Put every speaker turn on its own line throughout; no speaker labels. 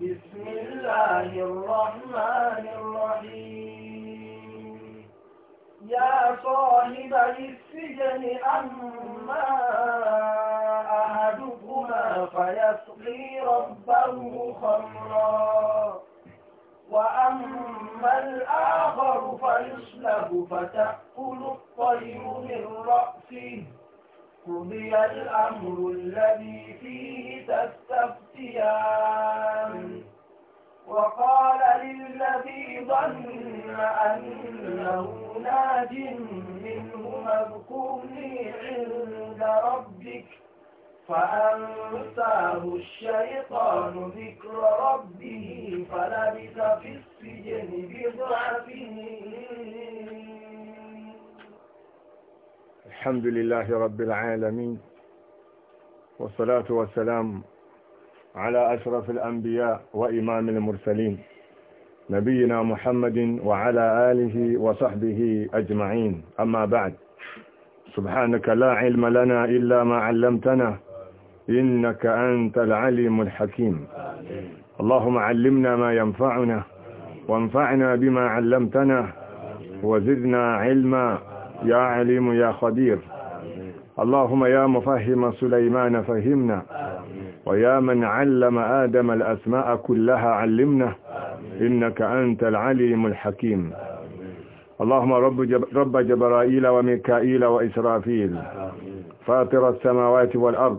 بسم الله الرحمن
الرحيم
يا صاحب السجن أما أهدكما فيسقي ربه خمرا وأما الآخر فيصلب فتأكل الطير من رأسه قضي الأمر الذي فيه تستفتيان وقال للذي ظن أنه ناج منه اذكرني عند ربك فأنساه الشيطان ذكر ربه فلبث في السجن بضع
سنين
الحمد لله رب العالمين والصلاة والسلام على أشرف الأنبياء وإمام المرسلين نبينا محمد وعلى آله وصحبه أجمعين أما بعد سبحانك لا علم لنا إلا ما علمتنا إنك أنت العليم الحكيم اللهم علمنا ما ينفعنا وانفعنا بما علمتنا وزدنا علما يا عليم يا خبير اللهم يا مفهم سليمان فهمنا ويا من علم آدم الأسماء كلها علمنا إنك أنت العليم الحكيم اللهم رب, جب رب جبرائيل وميكائيل وإسرافيل فاطر السماوات والأرض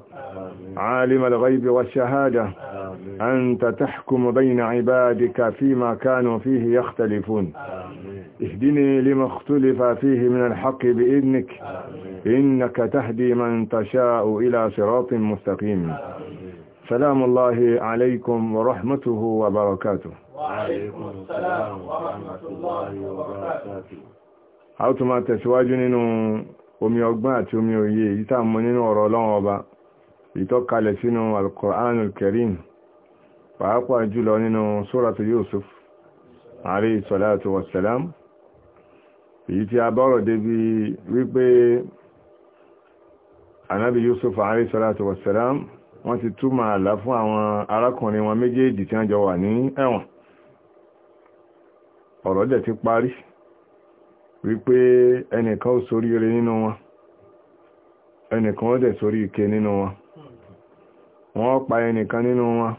عالم الغيب والشهادة أنت تحكم بين عبادك فيما كانوا فيه يختلفون اهدني لما اختلف فيه من الحق بإذنك إنك تهدي من تشاء إلى صراط مستقيم سلام الله عليكم ورحمته وبركاته
وعليكم السلام ورحمة الله وبركاته
أو تما تسواجنين omi ọgbọ́n àti omi òye èyí tá mọ̀ nínú ọ̀rọ̀ ọlọ́run ọba ìtọ́kalẹ̀ sínú alkùránù kẹrin pàápàá jùlọ èyí tí a bọ́rọ̀ débi wípé anábi Yusuf alayhi salatu wassalam wọ́n ti túmọ̀ àlá fún àwọn arákùnrin wọn méjèèjì tí wọ́n jọ wà ní ẹ̀wọ̀n ọ̀rọ̀ dẹ̀ ti parí wípé ẹnìkan ó sorí ire nínú wọn ẹnìkan ó dẹ̀ sórí ike nínú wọn wọ́n pa ẹnìkan nínú wọn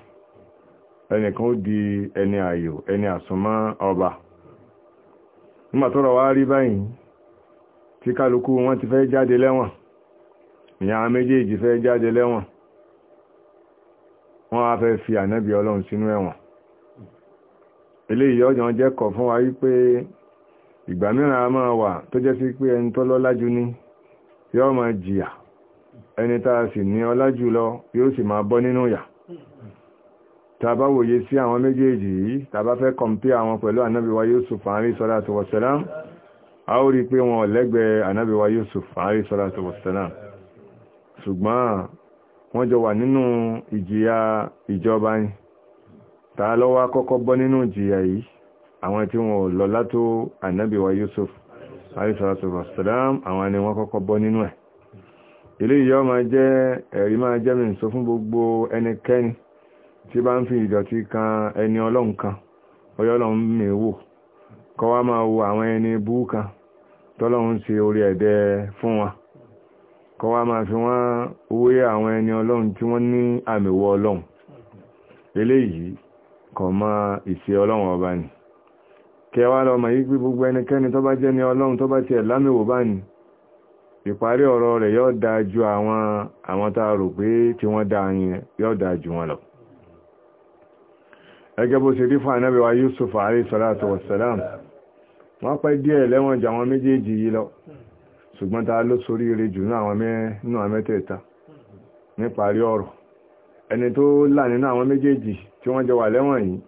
ẹnìkan ó di ẹni ààyò ẹni àsùnmọ́ ọba nígbà tọ́rọ̀ wá rí báyìí tí kálukú wọn ti fẹ́ jáde lẹ́wọ̀n ìyá méjèèjì fẹ́ jáde lẹ́wọ̀n wọ́n á fẹ́ fi ànábì ọlọ́run sínú ẹ̀wọ̀n eléyìí ọjọ́ jẹ́ kọ̀ fún wa wípé ìgbà mìíràn a máa wà tó jẹ́ sí pé ẹni tó lọ́lájú ní yóò máa jìyà ẹni tá a sì ní ọlájú lọ yóò sì máa bọ́ nínú yà tàbá wòye sí àwọn méjèèjì yìí tàbá fẹ́ kọmpí àwọn pẹ̀lú anábíwá Yusuf àárí sọ́látù wọ̀sẹ̀lám a ó rí pé wọn lẹ́gbẹ̀ẹ́ anábíwá Yusuf àárí sọ́látù wọ̀sẹ̀lám ṣùgbọ́n wọ́n jọ wà nínú ìjìyà ìjọba yìí ta ló wá kọ́kọ́ bọ́ nínú ìjìyà yìí àwọn tí wọn lọ látó anábíwá Yusuf àárí sọ́látù wọ̀sẹ̀lám àwọn ni wọ́n kọ́kọ́ bọ́ nínú ẹ̀ ilé ìyọ́ jẹ́ ẹ̀rí máa jẹ́ mi sọ fún gbogbo ẹnikẹ́ni tí bá ń fi ìdọ̀tí kan ẹni ọlọ́run kan ọyọ́ mi wò kọ́ wá máa wo àwọn ẹni bú tọ́lọ́run ṣe orí ẹ̀dẹ fún wa kọ́ wá máa fi wọ́n wé àwọn ẹni ọlọ́run tí wọ́n ní àmìwọ ọlọ́run eléyìí kọ̀ mọ́ ìṣe ọlọ́run ọba ni kẹwàá lọ mọ̀ yí pé gbogbo ẹnikẹ́ni tó bá jẹ́ ni ọlọ́run tó bá tiẹ̀ lámìwò bá ní ìparí ọ̀rọ̀ rẹ̀ yóò dáa ju àwọn àwọn tá a rò pé tí wọ́n dáa yẹn yóò dáa ju wọn lọ ẹgẹ́ bó ṣe rí fún Yusuf alayhi salatu wassalam wọ́n pẹ́ díẹ̀ lẹ́wọ̀n jù àwọn méjèèjì yìí lọ ṣùgbọ́n ta ló jù nínú àwọn mẹ́tẹ̀ẹ̀ta níparí ọ̀rọ̀ ẹni tó là nínú àwọn méjèèjì tí wọ́n jọ wà lẹ́wọ̀n yìí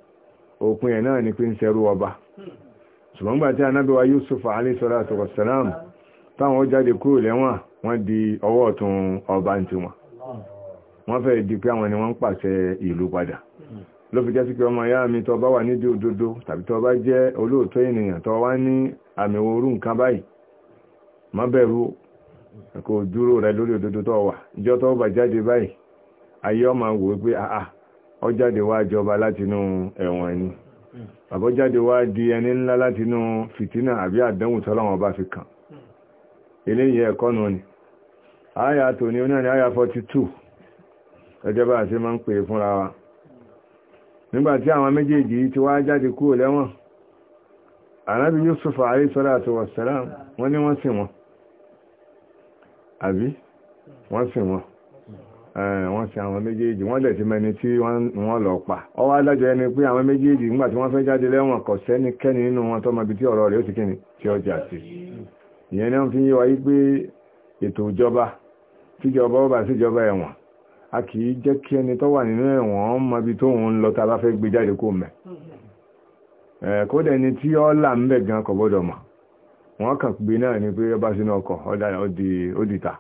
òpin ẹ̀ ni pé ń ṣẹrú ọba ṣùgbọ́n gbà tí Yusuf alayhi salatu wassalam táwọn jáde kúrò lẹ́wọ̀n wọ́n di ọwọ́ ọ̀tún ọba tiwọn wọ́n fẹ́ di pé àwọn ni wọ́n pàṣẹ ìlú ló fi jẹ́ sí pé ọmọ ìyá mi tó bá wà nídìí òdodo tàbí tó bá jẹ́ olóòótọ́ ènìyàn tó wá ní àmì orú nǹkan báyìí má bẹ̀rù kò dúró rẹ lórí òdodo tó wà ìjọ tó bá jáde báyìí ayé ọmọ wò pé àà ọ wá jọba látinú ẹ̀wọ̀n ni àbọ̀ jáde wá di ẹni ńlá látinú fìtínà àbí àdánwò tọ́lọ́wọ́n bá fi kàn eléyìí ẹ̀kọ́ nù ni àyà tòní onáà ni àyà 42 ẹjẹ́ bá àti máa ń pè fúnra wa nígbàtí àwọn méjèèjì ti wá jáde kúrò lẹ́wọ̀n anábi Yusuf àríṣọ́láàtò wàsàlám wọ́n ní wọ́n sì wọ́n àbí wọ́n sì wọ́n wọ́n sì àwọn méjèèjì wọ́n lẹ̀ ti mẹni tí wọ́n lọ pa ọ wá lájọ ẹni pé àwọn méjèèjì nígbàtí wọ́n fẹ́ jáde lẹ́wọ̀n kò sẹ́nikẹ́ni nínú wọn tó mọbi tí ọ̀rọ̀ rẹ̀ ó ti kíni tí ó sí ìyẹn náà fi yé wa yí pé ètò ìjọba tíjọba ó bá síjọba ẹ̀wọ̀n a kì í jẹ́ kí ẹni tó wà nínú ẹ̀wọ̀n mọbi tó ń lọ tá a bá fẹ́ gbé jáde kó mẹ́ kódà ẹni tí ó là ń bẹ̀ gan kò gbọ́dọ̀ mọ̀ wọ́n kàn gbé náà ni pé ọba sínú ọkọ̀ ó di ta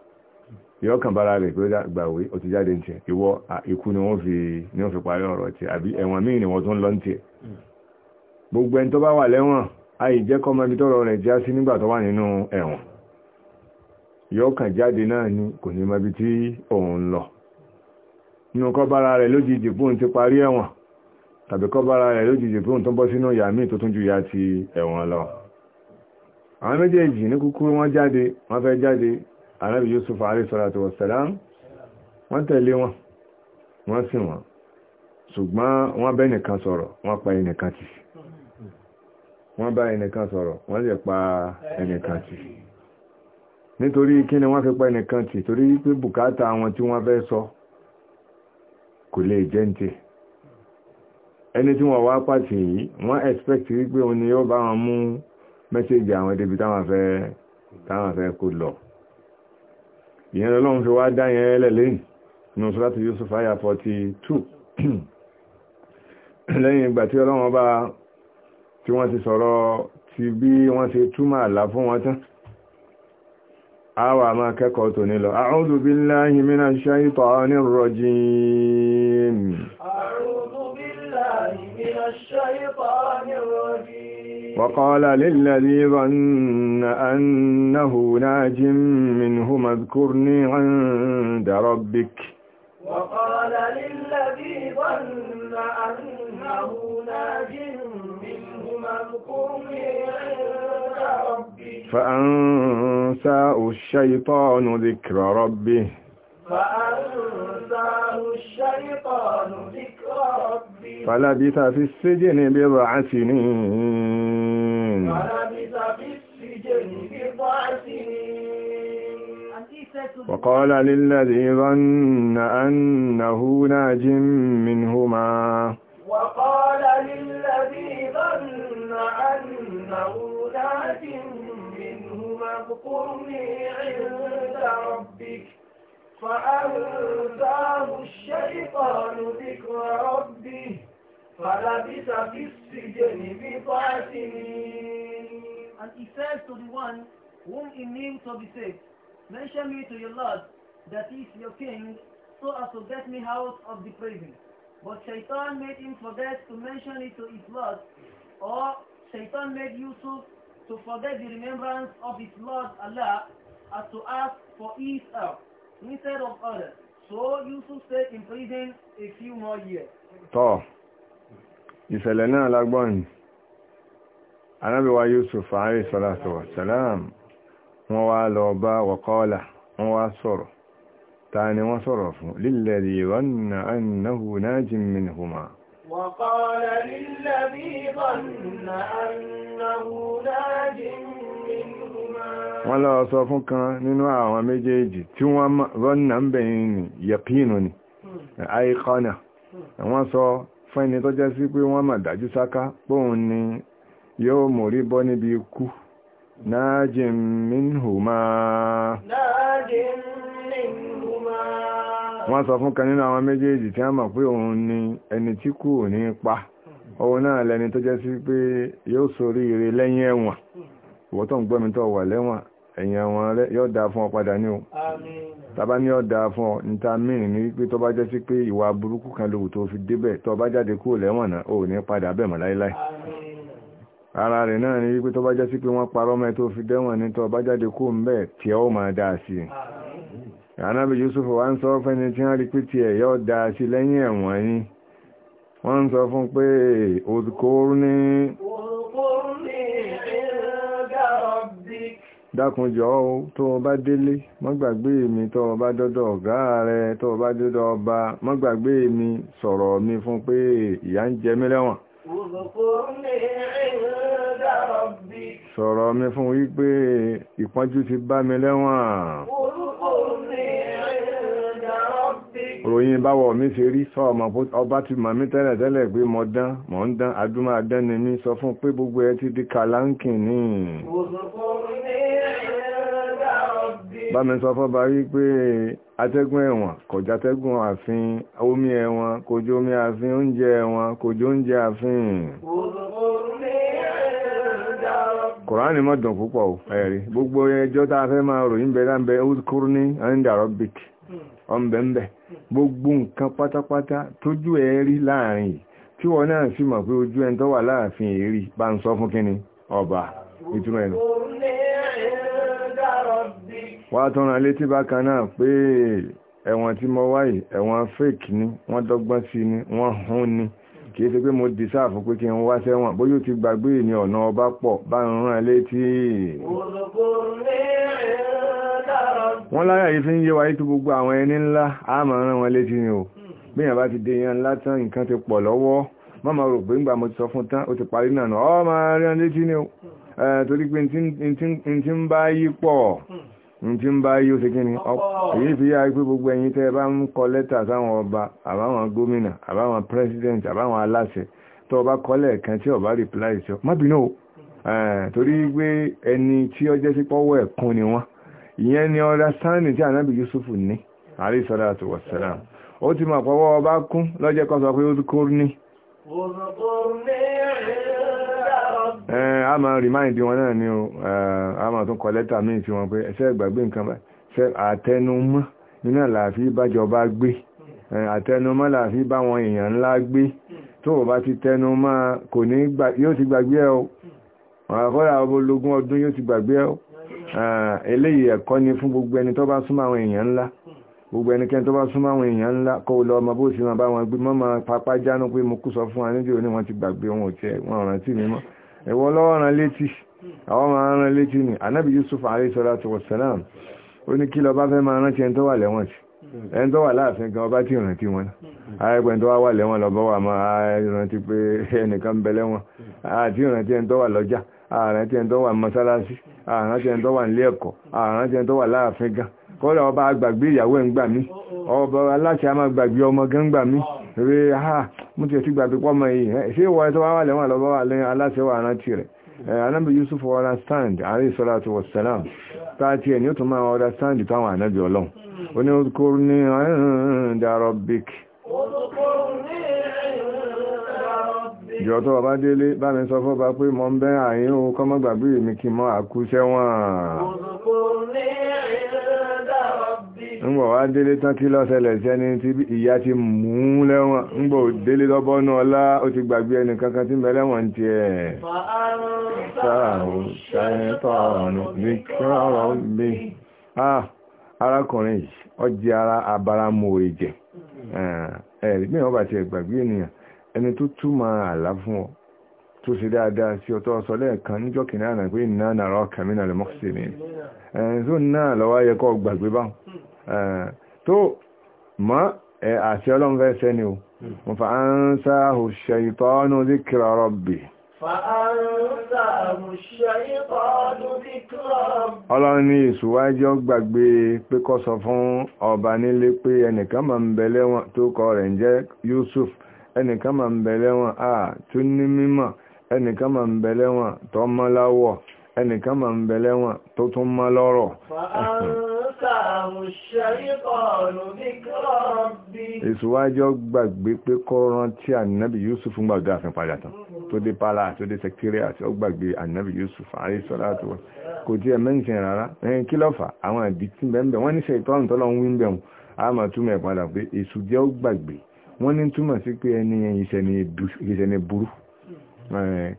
yọ kàn bára rẹ̀ pé gbàwé ó ti jáde ní tiẹ̀ ìwọ ikú ni wọ́n fi ni wọ́n fi parí ọ̀rọ̀ tiẹ̀ àbí ẹ̀wọ̀n míì ni wọ́n tún lọ ní tiẹ̀ gbogbo ẹni tó bá wà lẹ́wọ̀n àìjẹ́kọ́ mọbi tọ́rọ̀ rẹ̀ já sí nígbà tó wà nínú ẹ̀wọ̀n yọ kàn jáde náà ni kò ní mọbi tí òun lọ ní ọkọ̀ bára rẹ̀ lójijì fún ti parí ẹ̀wọ̀n tàbí kọ́ bára rẹ̀ lójijì fún tó bọ́ sínú ìyà míì tó tún ju ìyà ti ẹ̀wọ̀n lọ àwọn méjèèjì ní kúkú wọ́n jáde wọ́n fẹ́ jáde anábì Yusuf alayhi salatu wassalam wọ́n tẹ̀lé wọn nítorí kí ni wọ́n fi pa ẹnìkan tì torí pé bùkátà wọn tí wọ́n fẹ́ sọ kò lè jẹ́ ń tẹ́ ẹni tí wọ́n wá pàtì yìí wọ́n expect wípé òun ni yóò bá wọn mú mẹ́sẹ̀gì àwọn débi táwọn fẹ́ táwọn fẹ́ kó lọ ìyẹn lọ́lọ́run fi wá dá yẹn lẹ́lẹ́yìn ní oṣù láti Yusuf aya 42 lẹ́yìn ìgbà tí ọlọ́run bá tí wọ́n ti sọ̀rọ̀ ti bí wọ́n ti túmọ̀ àlá fún wọn tán àwa máa kẹ́kọ̀ọ́ tòní lọ a'udhu billahi minash shaitanir rajim
a'udhu billahi minash shaitanir rajim
wa qala lilladhi dhanna annahu najim minhu madhkurni 'inda rabbik
wa qala lilladhi dhanna annahu najim minhu madhkurni
فأنساه الشيطان ذكر ربه
فأنساه الشيطان ذكر ربه فلبث
في السجن بضع سنين
فلبث في السجن بضع سنين
وقال للذي ظن أنه ناج منهما
وقال للذي ظن أنه عند ربك فأنساه الشيطان ذكر في السجن بضع And he says to the one whom he name to be saved, Mention me to your Lord, that is your king, so as to get me out of the prison. But Shaitan made him forget to mention it to his Lord, or Shaitan made Yusuf to forget the remembrance of his Lord Allah as to ask for his help instead of others. So Yusuf stayed in prison a few more years.
Tọ́, ìṣẹ̀lẹ̀ náà lágbọ́n Anábíwá Yusuf Alayhi Salatu wa Salam, wọ́n wá lọ bá wọ̀kọ́ọ́lá, wọ́n wá sọ̀rọ̀. Ta ni wọ́n sọ̀rọ̀ fún, lílẹ̀ rí wọ́n na annahu najin min huma.
وقال للذي ظن أنه
ناج
wọ́n lọ sọ fún kan nínú àwọn méjèèjì tí wọ́n rọ́nà ń bẹ̀yìn ní yẹ̀kínù ni hmm. àìkọ́nà hmm. wọ́n sọ fún ẹni tó jẹ́ sí pé wọ́n mà dájú sáká ni yóò mórí bọ́ níbi ikú náà jẹ́ mínú wọ́n sọ fún kan nínú àwọn méjèèjì tí wọ́n mọ̀ pé òun ni ẹni tí kú ò ní pa òun náà lẹni tó jẹ́ sí pé yóò sórí ire lẹ́yìn ẹ̀wọ̀n ìwọ tó ń gbọ́ mi tó wà lẹ́wọ̀n ẹ̀yìn ẹ̀wọ̀n rẹ yóò dáa fún ọ padà ní o tàbá ní yóò dáa fún ọ níta mìíràn ní pé tó bá jẹ́ sí pé ìwà burúkú kan lòwù tó fi débẹ̀ tó bá jáde kúrò lẹ́wọ̀n náà ò ní padà bẹ̀ mọ́ láíláí ara rẹ̀ náà ní wípé tó bá jẹ́ sí pé wọ́n parọ́ mẹ́ tó fi dẹ́wọ̀n ní tó bá jáde kó ń bẹ̀ tí ó máa dáa sí i ànábì Yusuf wá ń sọ fẹ́ni tí wọ́n rí pé tí ẹ̀yọ́ da sí lẹ́yìn ẹ̀wọ̀n ni wọ́n ń sọ fún pé òdùkóòrú ní dákunjọ́ tó o bá délé má gbàgbé mi tó o bá dọ́dọ̀ ọ̀gá rẹ tó o bá dọ́dọ̀ ọba má gbàgbé mi sọ̀rọ̀ mi fún pé ìyà ń jẹ mí lẹ́wọ̀n sọ̀rọ̀ mi fún wípé ìpọ́njú ti bá mi lẹ́wọ̀n ròyìn báwọ̀ mi ṣe rí sọ ọmọ ọba ti mọ̀ mí tẹ́lẹ̀ tẹ́lẹ̀ pé mo dán mo ń dán adúmọ̀ adán ni mi sọ fún pé gbogbo ẹ ti di kàláǹkì ní bá mi sọ fọ́ba rí pé atẹ́gùn ẹ̀wọ̀n kọjá atẹ́gùn ààfin omi ẹ̀wọ̀n kọjá omi ààfin oúnjẹ ẹ̀wọ̀n kọjá oúnjẹ ààfin kòránì mọ́ dùn púpọ̀ ẹ̀rí gbogbo ẹjọ́ tá a fẹ́ máa ròyìn bẹ̀rẹ̀ ń bẹ old corny and arabic ọmọ bẹ̀ ń bẹ̀ gbogbo nǹkan pátápátá tójú ẹ rí láàrin tí wọ́n náà sì mọ̀ pé ojú ẹni tó wà láàfin èrí bá ń sọ fún kíni ọba ìtumọ̀ ẹnu wá tọ́ran létí bákan náà pé ẹ̀wọ̀n tí mo wáyìí ẹ̀wọ̀n fake ni wọ́n dọ́gbọ́n sí ni wọ́n hún ni kìí ṣe pé mo dì sáàfù pé kí n wá sẹ́wọ̀n bóyá ti gbàgbé ní ọ̀nà ọba pọ̀ bá ń rán létí
wọ́n láyà yìí fi ń yé
wáyé tó gbogbo àwọn ẹni ńlá a máa rán wọn létí ni o bíyàn bá ti dé yan ńlá tán nǹkan ti pọ̀ lọ́wọ́ má máa rò pé ńgbà mo ti sọ fún tán ó ti parí náà ọ máa rán létí ni o torí pé n ti ń bá yí pọ̀ ní tí ń bá yíó ṣe kí ni èyí fi yá pé gbogbo ẹ̀yin tẹ́ bá ń kọ lẹ́tà sáwọn ọba àbáwọn gómìnà àbáwọn president àbáwọn aláṣẹ tó ọba kọ́lẹ̀ kan tí ọba reply sí ọ o torí pé ẹni tí ó jẹ́ sí pọ́wọ́ ẹ̀kún ni wọ́n ìyẹn ni ọ̀rá sáàni tí ànábì Yusufu ní alayhi salatu wassalam ó ti mọ̀ pọ́wọ́ ọba kún lọ́jẹ́ kọ́ sọ pé ó kúrú ní ẹ̀ a máa remind wọn náà ni o a máa tún kọ lẹ́tà míì sí wọn pé ẹsẹ́ ìgbàgbé nǹkan ṣe àtẹnumọ́ iná làáfí bájọba gbé àtẹnumọ́ làáfí bá wọn èèyàn ńlá gbé tó bá ti tẹnumọ́ kò ní yóò ti gbàgbé ẹ o àkọ́lá ológun ọdún yóò ti gbàgbé ẹ o eléyìí ẹ̀kọ́ ni fún gbogbo ẹni tó bá súnmọ́ àwọn èèyàn ńlá gbogbo ẹnikẹ́ni tó bá súnmọ́ àwọn èèyàn ńlá kó lọ ọmọ bó sì máa bá wọn gbé mọ́ máa papá jánu pé mo kú sọ fún wa níbi òní wọn ti gbàgbé wọn ò tiẹ̀ wọn ò rántí mi mọ́ ẹ̀wọ́ lọ́wọ́ ran létí àwọn máa ran létí ni anábì Yusuf alayhi salatu wassalam ó ní kí lọ bá fẹ́ máa rántí ẹni tó wà lẹ́wọ̀n sí ẹni tó wà láàfin gan ọba tí ìrántí wọn ààrẹ́pẹ̀ tó wà lẹ́wọ̀n lọ́bọ́ wà máa rántí pé ẹnìkan bẹ lẹ́wọ̀n àti ìrántí ẹni tó wà lọ́jà àrántí ẹni rí ha mú ti ẹ̀tí gbàgbé pọ́mọ yìí ṣé ìwọ ẹ̀ tó wá wà lẹ́wọ̀n lọ́wọ́ wà lẹ́yìn aláṣẹ wà rántí rẹ̀ anábì Yusuf understand alayhi salatu wassalam tààtì ẹ̀ ní ó tún máa understand táwọn ànábì ọlọ́run ó ní kúrú ní inda rabbik ìjọ tó bàbá délé bá mi sọ fọ́ bá pé mọ́ ń bẹ́ àyín kọ́mọ́gbàgbé mi kí mọ́ àkúṣẹ́ ń bọ̀ wá délé tán kí ló ṣẹlẹ̀ sí tí ìyá ti mú lẹ́wọ̀n délé lọ́bọ́ náà ọlá ó ti gbàgbé ẹni kankan tí mẹ́lẹ́wọ̀n ti ẹ̀ arákùnrin yìí ara jẹ bá gbàgbé ènìyàn ẹni tó àlá fún ọ tó ṣe dáadáa sí lẹ́ẹ̀kan níjọ́ pé nàrọ̀ kàmínà lè tó náà Eh, tó mọ́ àti ọlọ́run fẹ́ sẹ́ni o mo hmm. fa ń sáàhù ṣẹ̀yìtọ́nù zikra rabbi ọlọ́run ní ìṣùwájọ́ gbàgbé pé kọ́ fún ọba nílé pé ẹnìkan máa ń bẹ lẹ́wọ̀n tó kọ rẹ̀ ń Yusuf ẹnìkan ń a tún ní mímọ̀ ẹnìkan ń bẹ lẹ́wọ̀n tó Èsùwájọ́ gbàgbé pé kọ́ rántí ànábì Yusuf ń gbàgbé àfin padà tán tó dé pálá tó dé secretariat ó gbàgbé ànábì Yusuf àríṣọ́lá tó wọ́n. Kò tí ẹ mẹ́ǹṣẹ̀ rárá, ẹ̀yìn kí lọ́fà àwọn àdí tí bẹ̀m̀bẹ̀ wọ́n ní ṣètọ́nù tọ́lọ ń wíń bẹ̀rùn, a máa túmọ̀ padà pé èsù jẹ́ ó gbàgbé. Wọ́n ní túmọ̀ sí pé ẹni iṣẹ́ ni burú.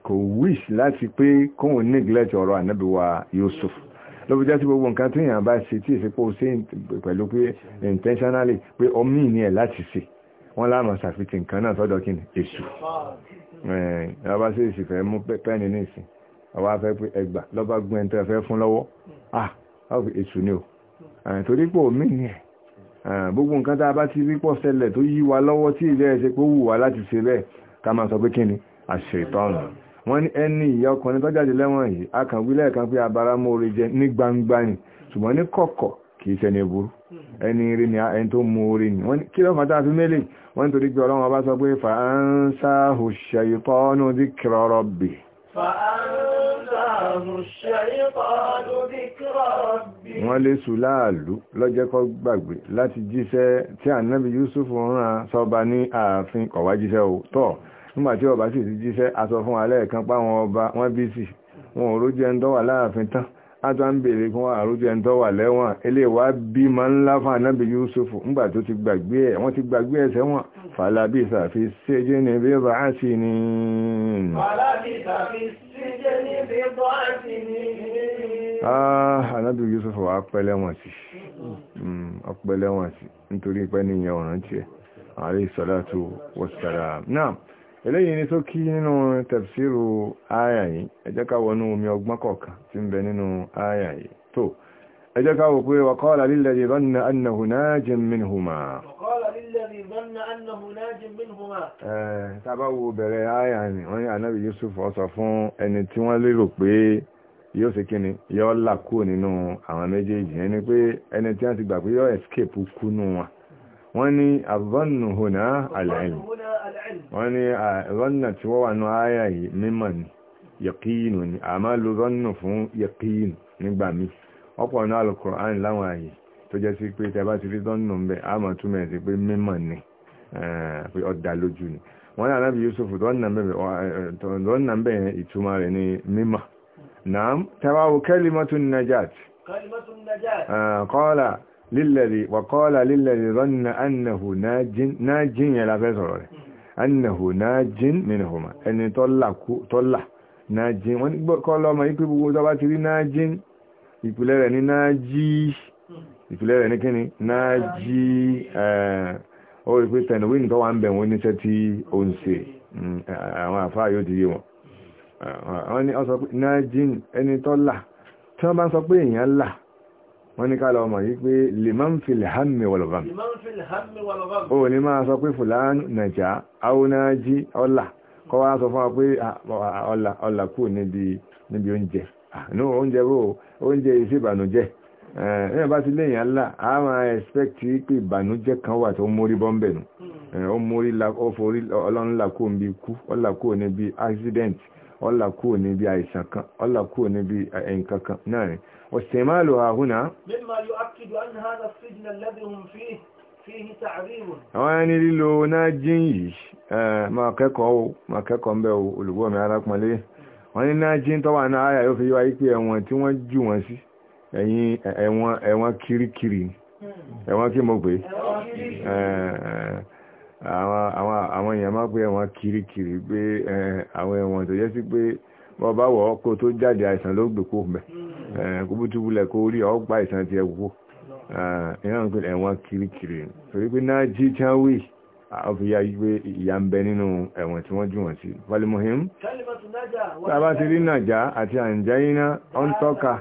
Kò wíṣ láti pé kóhun neglect ọ̀rọ̀ ànábì wa Yusuf lọ́bí jẹ́ sí gbogbo nǹkan tí èèyàn bá ṣe tí ìsìnkú ṣe pẹ̀lú pé intentionally pé omi ní ẹ̀ láti ṣe wọ́n láàmà ṣàfihàn nǹkan náà sọ́dọ̀ kí ni èṣù ọba sí ìsìfẹ́ mú pẹ́ẹ̀nì ní ìsìn ọba fẹ́ pé ẹgbà lọ́ba gún ẹni tó fẹ́ fún lọ́wọ́ ah èṣù ni o torí pé omi ní ẹ̀ gbogbo nǹkan tá a bá ti rí pọ̀ ṣẹlẹ̀ tó yí wa lọ́wọ́ tí ilé ẹ̀ ṣe pé wù wá láti ṣe bẹ́ẹ̀ ká máa sọ pé kí ni àṣẹ ìtọ́nù wọ́n ní ẹni ìyá ọkùnrin tó jáde lẹ́wọ̀n yìí akànwí lẹ́ẹ̀kan pé abáramóore jẹ ní gbangba ni ṣùgbọ́n ní kọ̀kọ̀ kìí ṣẹni eburú ẹni rí ni ẹni tó mú orí ni wọ́n kí lọ́fà tá a fi mélè wọ́n nítorí pé ọlọ́run ọba sọ pé fàánsáhù ṣayítọ́nù dhikra rabbi wọ́n lé sùláàlú lọ́jẹ́kọ́ gbàgbé nígbà tí ọba sì ti jíṣẹ́ aṣọ fún alẹ́ kan páwọn ọba wọn bí sí wọn ò rójú ẹni tó wà láàfin tán átọ́ ń bèèrè fún àrójú ẹni tó wà lẹ́wọ̀n ilé wa bí ma ń lá fún anábì Yusufu ńgbà tó ti gbàgbé ẹ̀ wọ́n ti gbàgbé ẹ̀ sẹ́wọ̀n fàlábì ìsàfi séjé ní bí bá á sí ni anábì Yusufu wa pẹ́lẹ́wọ̀n sí ọpẹ́lẹ́wọ̀n ah, hmm, sí nítorí pẹ́ ní ìyẹn ọ̀ràn tiẹ̀ àrí ìsọ̀látò wọ́sára náà eléyìí ni ṣókí nínú tẹ̀fṣíru àyà yìí ẹ jẹ́ ká wọnú omi ọgbọ́n kọ̀ọ̀kan tí ń bẹ nínú àyà yìí tó ẹ jẹ́ ká wò pé wàkọ́ọ̀lá lílẹ̀ yìí bọ́nà annahu najim minhuma tàbáwo bẹ̀rẹ̀ àyà ni wọ́n ní anábi Yusuf ọsọ fún ẹni tí wọ́n lérò pé yóò ṣe kíni yóò là kúrò nínú àwọn méjèèjì ẹni pé ẹni tí wọ́n ti gbà pé yóò escape kú nù wọn wọ́n ní àbọ̀nù hùnà àlẹ́lì wọ́n ní rọ́nà tí wọ́n wà ní àyà yìí mímọ̀ ní yẹ̀kíìnù ni a máa lo rọ́nà fún yẹ̀kíìnù nígbà mí ọ̀pọ̀ ní alùkùránì láwọn àyè tó jẹ́ sí pé tẹ́ ti rí rọ́nà ń a máa túmọ̀ sí pé mímọ̀ ni eh, pé ọ̀dà lójú ni wọ́n ní anábì Yusuf rọ́nà ń eh, ìtumọ̀ rẹ̀ ní mímọ̀ naam tẹ́wàá wò kẹ́límọ́tún najat lílẹ̀rí wàkọ́ọ́lá lílẹ̀rí rọ́nà annahu nájín yẹn láfẹ́ sọ̀rọ̀ rẹ̀ annahu nájín minhuma ẹni tọ́lá nájín wọ́n kọ́lá ọmọ ikú gbogbo tó bá ti rí nájín ìpìlẹ̀ rẹ̀ ní nájí ìpìlẹ̀ rẹ̀ ní kíni nájí ó rí pé tẹ̀nùwín tó wà ń bẹ̀ wọ́n níṣẹ́ tí ó ń ṣe àwọn àfáà yóò ti yé wọ́n ní ká lọ mọ̀ yí pé liman fil hammi wal gham o ní máa sọ pé fulan nàjà aunaji ọlá kọ́ wá sọ fún wa pé ọlá ah, ọlá kú níbi níbi oúnjẹ ní oúnjẹ bó oúnjẹ ìṣe ìbànújẹ́ ẹ̀yìn bá ti léyìn alá a máa expect pé ìbànújẹ́ kan wà tó mórí bọ́m̀bẹ̀ nù hmm. ó mórí ọforí ọlọ́nlá kú níbi ikú ọlá kú níbi accident ọlá kú níbi àìsàn kan ọlá kú níbi nǹkan kan náà واستعمالها هنا
مما يؤكد أن هذا السجن الذي
هم فيه فيه تعذيب
àwọn ẹni lílo nájín yìí máa kẹ́kọ̀ọ́ máa kẹ́kọ̀ọ́ ń bẹ́ mi wọ́n ní nájín tó wà náà àyà yóò fi yíwá pé ẹ̀wọ̀n tí wọ́n jù wọ́n sí ẹ̀yìn ẹ̀wọ̀n ẹ̀wọ̀n ẹ̀wọ̀n kí mo àwọn èèyàn máa pé ẹ̀wọ̀n pé àwọn ẹ̀wọ̀n tó sí pé bá tó jáde àìsàn ló gbèkó mẹ́ Eh, kúbútúbúlẹ̀ kó rí ọgbà ìsàn ti ẹwọ́ eh, ìran pé ẹ̀wọ̀n kirikiri torí pé náà jí cháwì ọ̀fìyà wípé ìyà ń bẹ nínú ẹ̀wọ̀n tí wọ́n jù wọ́n sí valimohim
tàbá ti rí nàjá
àti àǹjá iná ọ́n tọ́ka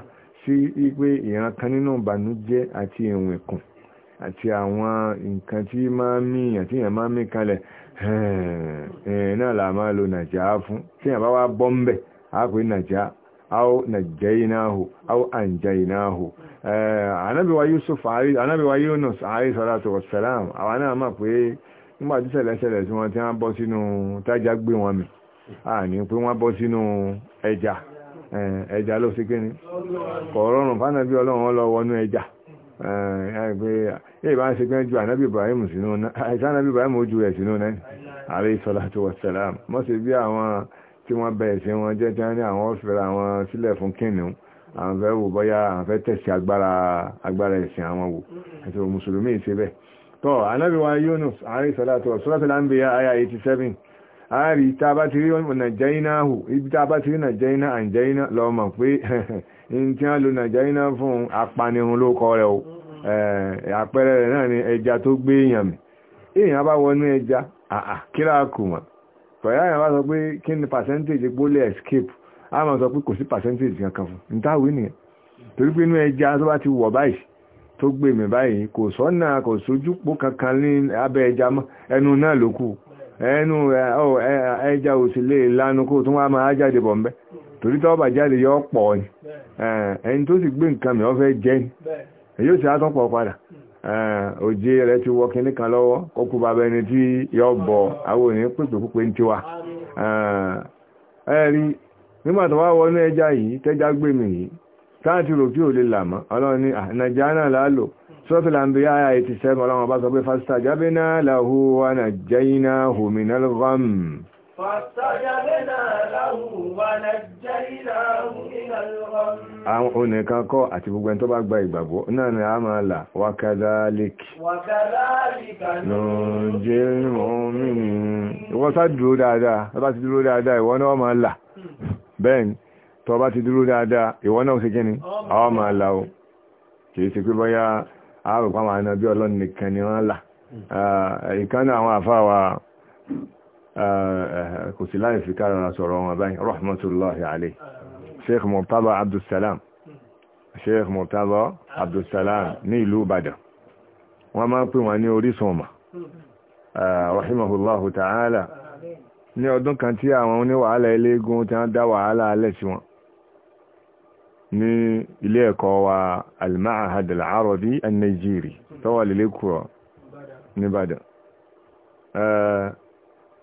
sí wípé ìran kan nínú ìbànújẹ́ àti ìwọ̀n ẹ̀kùn àti àwọn nǹkan tí máa mí àti èèyàn máa mí kalẹ̀ eh, náà là máa lo nàjá fún tí èèyàn bá wá bọ́ ń bẹ̀ á nàjá au najainahu au anjainahu anabi wa yusuf anabi wa yunus alayhi salatu wassalam àwọn náà mọ̀ pé nígbà tí ṣẹlẹ̀ṣẹlẹ̀ tí wọ́n ti wọ́n bọ́ sínú tájá gbé wọn mì àní pé wọ́n bọ́ sínú ẹja ẹja ló sí kíni kò rọrùn fánàbí ọlọ́run lọ wọnú ẹja yìí bá ń ṣe pé ju ànábì ibrahim sínú náà àìsàn ànábì ibrahim ojú ẹ̀ sínú náà alayhi salatu wassalam mọ́ sí bí àwọn tí wọ́n bẹ ẹ̀sìn wọn jẹ́ tí wọ́n ní àwọn ọ̀fẹ́ra wọn sílẹ̀ fún kìnìún àwọn fẹ́ wò bọ́yá àwọn fẹ́ tẹ̀sí agbára ẹ̀sìn àwọn wò àti mùsùlùmí ṣe bẹ́ẹ̀ tọ́ anábì Yunus alayhi salatu wa suratul anbiya aya 87 àárí tá a bá ti rí nàìjẹ́yìnà hù ibi tá a bá ti rí nàìjẹ́yìnà àǹjẹ́yìnà lọ mọ̀ pé ní tí wọ́n lo nàìjẹ́yìnà fún apanirun ló kọ rẹ̀ o àpẹẹrẹ rẹ̀ náà ni ẹja tó gbé èèyàn mi èèyàn bá wọnú ẹja kíláàkù tọ̀yá yẹn wá sọ pé kí ni percentage escape a máa sọ pé kò sí percentage kankan fún nítawí nìyẹn torí pé inú ẹja tó bá ti wọ̀ báyìí tó gbé mi báyìí kò sọ́nà kò kankan ní abẹ́ ẹja ẹnu náà ló kù ẹnu ẹja ò sì lè lanu kó tún wá máa jáde bọ̀ mbẹ́ torí tó bá jáde yọ pọ̀ ni ẹni tó sì gbé nǹkan mi òjé eh, rẹ̀ ti wọ kìíní kan lọ́wọ́ kọkù bàbá ẹni tí yọ bọ̀ àwọn òní pèpè púpè ń tiwa eh, ẹ̀rí nígbà tó wá wọnú ẹja yìí tẹ́já gbèmí yìí táàtì rò kí ò lè làmọ́ ọlọ́run ní ah, nàìjíríà náà lálò sọ́fìlà ń bí àyà ètì sẹ́gun ọlọ́run ọba sọ pé fásitì àjábẹ́ náà làhùwà nàìjíríà náà hùmìnà lọ́gọ́mù Àwọn onìkan kọ́ àti gbogbo ẹni tó bá gba ìgbàgbọ́ náà ni a máa là wà kàdálíkì.
Wà kàdálíkì
náà jẹ́ mọ́mìnì. Ìwọ sá dúró dáadáa, tó bá ti dúró dáadáa, ìwọ náà máa là. kí ni? Àwa máa là o. Kìí ṣe pé bọ́yá àárùpá máa ná bí ọlọ́nìkan ni wọ́n là. Ìkan náà àwọn àfáà wa Eh, kò sí láì fi kára sọ̀rọ̀ wọn báyìí rahmatullahi alayhi sheikh murtaba abdulsalam sheikh murtaba abdulsalam ní ìlú ìbàdàn wọ́n máa pè wọ́n ní orísun ọmọ eh, rahimahullahu ta'ala ní ọdún kan tí àwọn oní wàhálà eléégún tí wọ́n dá wàhálà alẹ́ sí wọn ní ilé ẹ̀kọ́ wa al-ma'had arabi an-nigeri tó wà lè lẹ́kùrọ̀ ní ìbàdàn eh,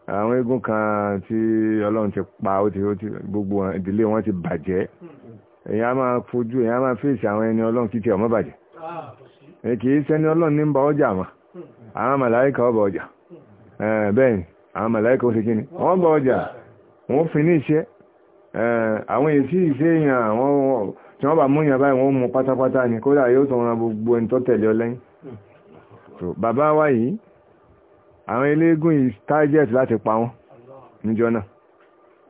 àwọn eégún kan tí ọlọ́run ti pa ó ti gbogbo ìdílé wọn ti bàjẹ́ èyàn á máa fojú èyàn á máa fèsì àwọn ẹni ọlọ́run títí ọmọ
bàjẹ́
kì í sẹ́ni ọlọ́run ní ń ba ọjà mọ́ àwọn màláìka ọba ọjà bẹ́ẹ̀ ni àwọn màláìka ó ṣe kí ni wọ́n ba ọjà wọ́n fi ní iṣẹ́ àwọn èsì ìṣe èèyàn àwọn tí wọ́n bá mú èèyàn báyìí wọ́n mú pátápátá ni kódà yóò tọrọ gbogbo ẹni tó tẹ̀lé ọ lẹ́yìn wa yìí àwọn eléégún yìí target láti pa wọn níjọ́ náà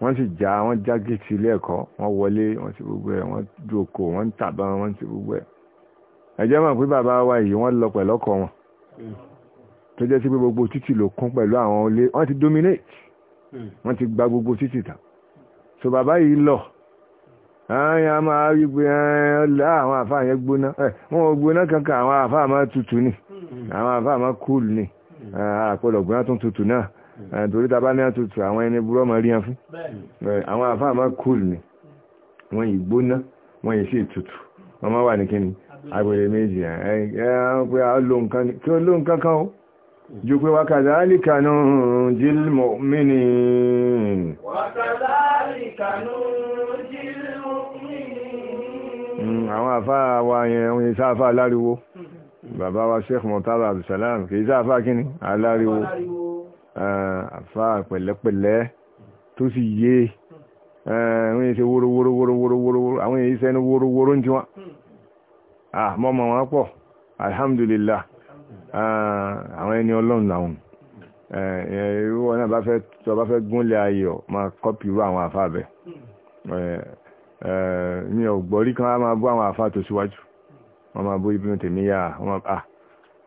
wọ́n sì já wọ́n já gèètì ilé ẹ̀kọ́ wọ́n wọlé wọ́n ti gbogbo ẹ̀ wọ́n jókòó wọ́n ń tàbá wọ́n ti gbogbo ẹ̀ ẹ̀jẹ̀ mọ̀ pé bàbá wa yìí wọ́n lọ pẹ̀lú ọkọ̀ wọn tó jẹ́ sí pé gbogbo títì ló kún pẹ̀lú àwọn olé wọ́n ti dominate wọ́n ti gba gbogbo títì tà so bàbá yìí lọ ẹ̀yìn a máa rí pé ẹ̀ẹ́lẹ́ àwọn àfáà yẹn gbóná ẹ̀ wọ́n gbóná kankan àwọn àfáà máa tutù ni àwọn àfáà máa cool ni àpọ̀lọ̀gbọ́n ah, àtúntutù náà hmm. eh, torí tàbá ní àtútù àwọn ẹni burú ọmọ rí ẹfún eh, àwọn àfáà máa kúl ní wọ́n yìí gbóná wọ́n yìí sí ìtutù wọ́n máa wà ní kíni agbèrè méjì eh, kí ó ló nǹkan kan ó ju pé wákàtà alìkànú jílmù mìíní àwọn àfáà wa yẹn òun sáfà láriwo bàbá wa sheikh murtala abdulsalam kì í sá àfáà kínní aláriwo àfáà pẹ̀lẹ́pẹ̀lẹ́ tó sì yé àwọn èyí ṣe wórówórówórówóró àwọn èyí sẹ́ni wórówóró ń tiwọn àmọ́ mọ̀ wọn pọ̀ alhamdulillah àwọn ẹni ọlọ́run làwọn irú ọ̀nà bá fẹ́ tó bá fẹ́ gúnlẹ̀ ayọ̀ máa kọ́pì irú àwọn àfáà bẹ́ẹ̀ mi ò gbọ́rí kan á máa bú àwọn àfáà tó síwájú wọ́n máa bú Ibn Taymiyyah wọ́n máa ah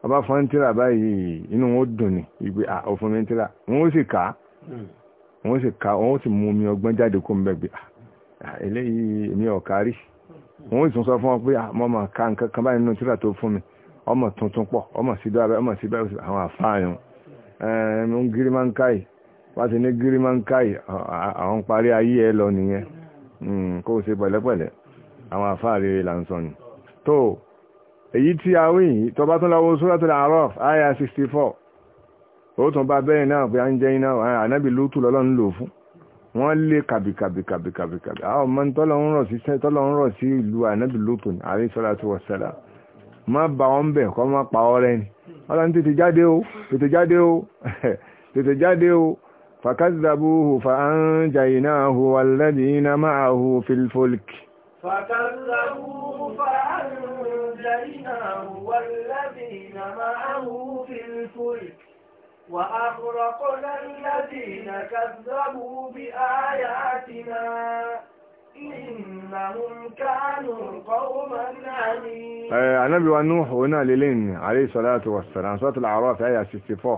ọba fún tíra báyìí inú wọn dùn ní ìgbé ah ó fún mi tíra wọn ó sì kà á hmm. wọn ó sì kà wọn ó sì mú omi ọgbọ́n jáde kó ń bẹ̀ gbé ah, ah eléyìí èmi ọ̀kárí wọn ó sì sọ fún ọ pé ah, mo máa ka nǹkan kan báyìí nínú tíra tó fún mi ọmọ tuntun pọ̀ ọmọ sí dábẹ́ ọmọ sí báyìí àwọn àfáàyàn ẹ̀ẹ́n eh, ń gírí máa ń káyì wá sí ní gírí máa ń káyì àwọn parí ayé ẹ lọ nìyẹn hmm, kó o ṣe pẹ̀lẹ́pẹ̀lẹ́ àwọn àfáàrí là ń sọ ni tó èyí tí a wí yìí tọba tó lọ́wọ́ Suratul A'raf àyà 64 ó tún bá bẹ́ẹ̀ náà bí a ń jẹ́ iná ànábì lótú lọ́lọ́ ń lò fún wọ́n lé kàbìkàbìkàbìkàbì àwọn ọmọ tọ́lọ̀ ń rọ̀ sí ìlú ànábì lótú ní alayhi salatu wassalam má bà wọ́n bẹ̀ kọ́ má pa ọ́rẹ́ ni ọlọ́run tètè jáde o tètè jáde o tètè jáde o فكذبوه فأنجيناه والذين معه في الفلك
فكذبوه فأنجيناه ونجينا والذين معه في الفلك وأغرقنا الذين كذبوا بآياتنا
النبي ونوح هنا للين عليه الصلاة والسلام صلاة الاعراف آية 64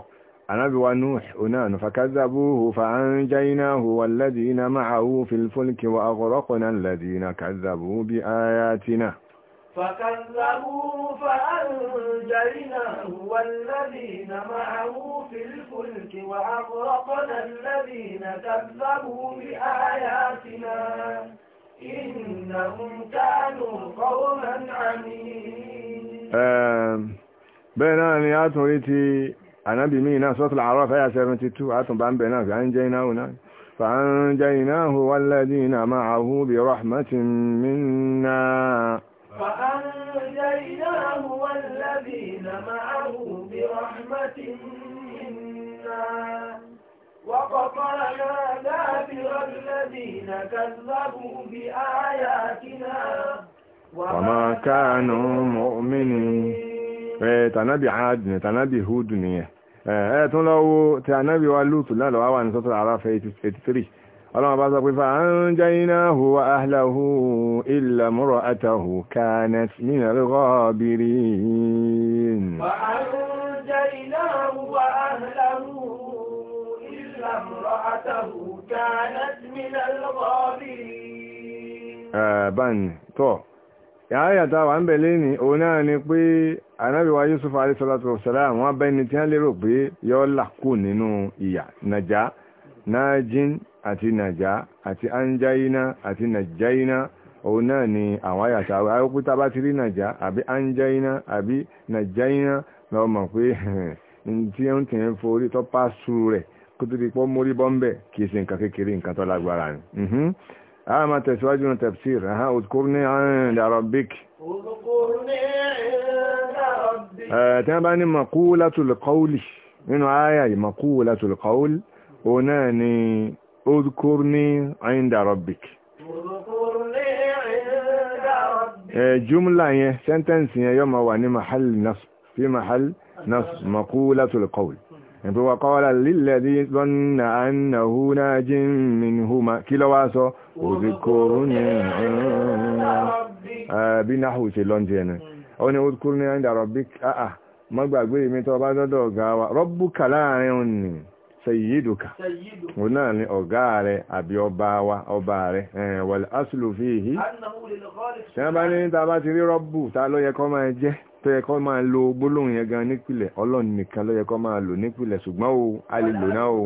النبي ونوح هنا فكذبوه فأنجيناه والذين معه في الفلك وأغرقنا الذين كذبوا بآياتنا
فكذبوه فأنجيناه والذين معه في الفلك وأغرقنا الذين كذبوا بآياتنا إنهم كانوا قوما عمين
بين náà ni أنا بمينا rí العراف ànábì míì náà 72 àtúnbà بين bẹ̀ náà فأنجيناه والذين معه برحمة منا
فأنجيناه والذين معه برحمة منا وقطعنا دابر الذين كذبوا بآياتنا
وما كانوا مؤمنين tànábì Áàdù tànábì Húdù nìyẹn ẹ̀ẹ́ tún lọ wo ti ànábì wa Lúùtù náà lọ wá wà ní sọ́tọ̀ àráfẹ́ 83 ọlọ́run bá sọ pé fa ń jẹ́ iná hù ahìláhù ilẹ̀ múrọ̀ àtàhù kánẹt nínú ẹ̀rọ bìrì Báyìí tọ́, yáyàtà wà ń bẹ̀lé ní òun náà ni pé anábíwá Yusuf Alisalatu Wasalam wọ́n bẹ́ni tí a lérò pé yọ́ làkó nínú àti nàjá àti anjáyíná àti nàjáyíná òun náà ni àwọn àyàtà ayọ́pútà bá ti rí nàjá àbí anjáyíná àbí nàjáyíná lọ mọ̀ pé tí ó ń tẹ̀ ń forí tó pàṣù rẹ̀ kó tó di pọ́ mórí bọ́m̀bẹ̀ kìí ṣe nǹkan kékeré nǹkan tó lágbára ni. Mhm. a máa tẹ̀síwájú ní tafsir udkurni inda rabbik.
udkurni inda rabbik.
ní maqulatul qawli nínú àyà اذكرني عند ربك جملة هي sentence هي يوم هو محل نصب في محل نصب مقولة القول وقال للذي ظن أنه ناج منهما كلا واسو اذكرني عند بنحو سيلون جينا أوني اذكرني عند ربك أه ما gbàgbé mi tó bá dọ́dọ̀ ga wa rọ́bùkà láàrin òní sayyiduka òun náà ni ọ̀gá rẹ̀ àbí ọba wa ọba rẹ̀ wal aslu fihi tí wọ́n bá ní ta bá ti rí rọ́bù ta ló yẹ kó máa jẹ́ tó yẹ máa lo gbólóhùn yẹn gan nípìlẹ̀ nìkan ló yẹ máa lò nípìlẹ̀ o a lè lò náà o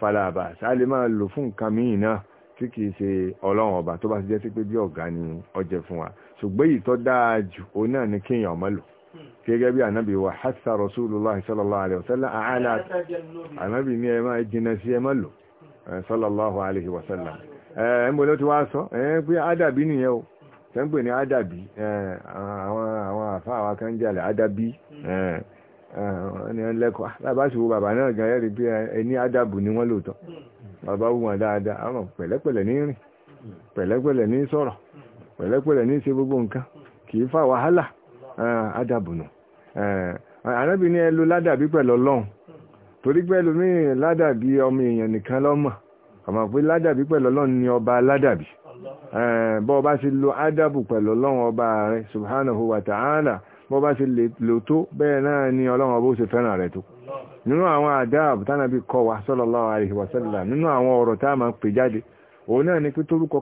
falaba a lè máa lò fún nǹkan míì náà tí ṣe ọlọ́run ọba tó bá ti jẹ́ sí pé gẹ́gẹ́ bí ànábì wà hásà rasulullah sallallahu alaihi wasallam àhálà ànábì ní ẹmà ìjìnà sí ẹmà lò sallallahu alaihi wasallam ẹ̀ẹ́mbò ló ti wá sọ ẹ̀ẹ́ pé ádàbí nìyẹn o tẹ́ ń pè ní ádàbí àwọn àfá àwọn kan jalè ádàbí ẹ̀ẹ́ lẹ́kọ̀ọ́ lábáṣìwò ah, bàbá náà gan ẹ́rì pé ẹni ádàbù ni wọ́n lòótọ́ bàbá wù wọn dáadáa àwọn pẹ̀lẹ́pẹ̀lẹ́ ní rìn pẹ̀lẹ́pẹ̀lẹ́ ní sọ̀rọ̀ pẹ̀lẹ́pẹ̀lẹ́ ní ṣe gbogbo nǹkan kì í fa wàhálà ádàbù náà Anabi ni elu lo ládàbí pẹ̀lú ọlọ́run torí pé lada ládàbí ọmọ èèyàn nìkan a àmọ́ pé ládàbí pẹ̀lú ọlọ́run ni ọba ládàbí bọ́ bá ti lo ádàbù pẹ̀lú ọlọ́run ọba rẹ̀ subhanahu wa ta'ala bọ́ si ti lò tó bẹ́ẹ̀ náà ni ọlọ́run ọba ó ṣe fẹ́ràn tó nínú àwọn àdáàbù tánàbí wa sallallahu wa nínú àwọn ọ̀rọ̀ tá a máa pè jáde òun náà ni pé torúkọ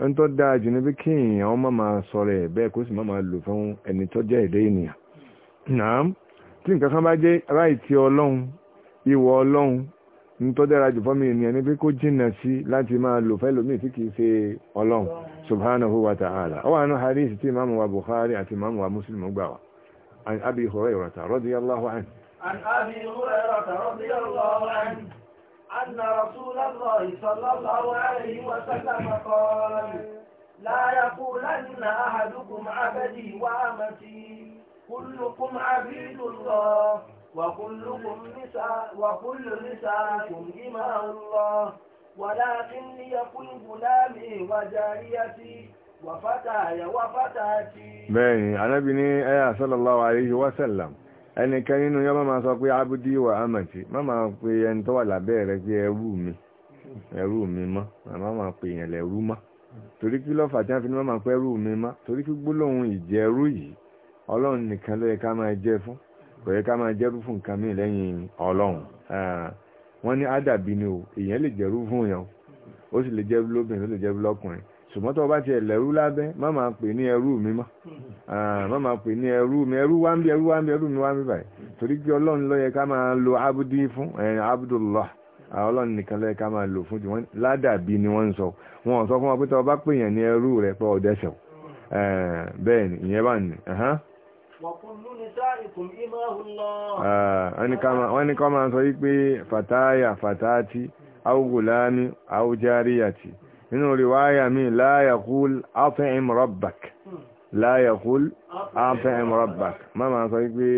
ń tó dáa jù ní bí kí èèyàn ọmọ máa sọ̀rọ̀ ẹ̀ bẹ́ẹ̀ kó sì máa lò fún ẹni tó jẹ́ èdè ènìyàn náà tí nǹkan kan bá jẹ́ ráìtì ọlọ́run ìwọ ọlọ́run ń tó dára jù fọ́mì ènìyàn ní bí kó jìnnà sí láti máa lò fẹ́ lómi tí kìí ṣe ọlọ́run subhanahu wa ta'ala ó wà nínú hadith tí ìmáàmù wa Bukhari àti ìmáàmù wa Muslim gbà wá an Abi Hurayrata radiyallahu anhu
an Abi Hurayrata radiyallahu anhu أن رسول الله صلى الله عليه وسلم قال لا يقولن أحدكم عبدي وأمتي كلكم عبيد الله وكلكم نساء وكل نساءكم إماء الله ولكن ليكن غلامي وجاريتي وفتاي وفتاتي.
بين أنا بني آية صلى الله عليه وسلم ẹnìkan nínú yọ́ máa sọ pé abúdí wà ámàtí má máa pe ẹni tó wà lábẹ́ rẹ̀ eru ẹrú mi ẹrú mi mọ́ má máa pe èèyàn lẹ́rú mọ́ torí kí lọ́fà tí wọ́n fi ní pe ẹrú mi mọ́ torí kí gbólóhùn ìjẹ́rú yìí ọlọ́run nìkan ló yẹ ká máa jẹ́ fún kò yẹ ká máa jẹ́rú fún nǹkan lẹ́yìn ni o èèyàn lè jẹ́rú fún yàn ó sì lè jẹ́rú lóbìnrin ó lè lọ́kùnrin ṣùgbọ́n tó bá tiẹ̀ lẹ́rú lábẹ́ má máa pè ní ẹrú mi mọ́ má máa pè ní ẹrú mi ẹrú wá ń bí ẹrú wá ń bí mi wá ń bí báyìí torí pé ọlọ́run ló yẹ ká máa lo abudi fún abdullah ọlọ́run nìkan ló yẹ ká máa lò fún tiwọn ládàbí ni wọ́n ń sọ wọn ò sọ fún wa pé bá pè yàn ní ẹrú rẹ pé ọ̀dẹ́ bẹ́ẹ̀ ni ìyẹn nínú riwaya mi la yaqul at'im rabbak la yaqul at'im rabbak má máa sọ wípé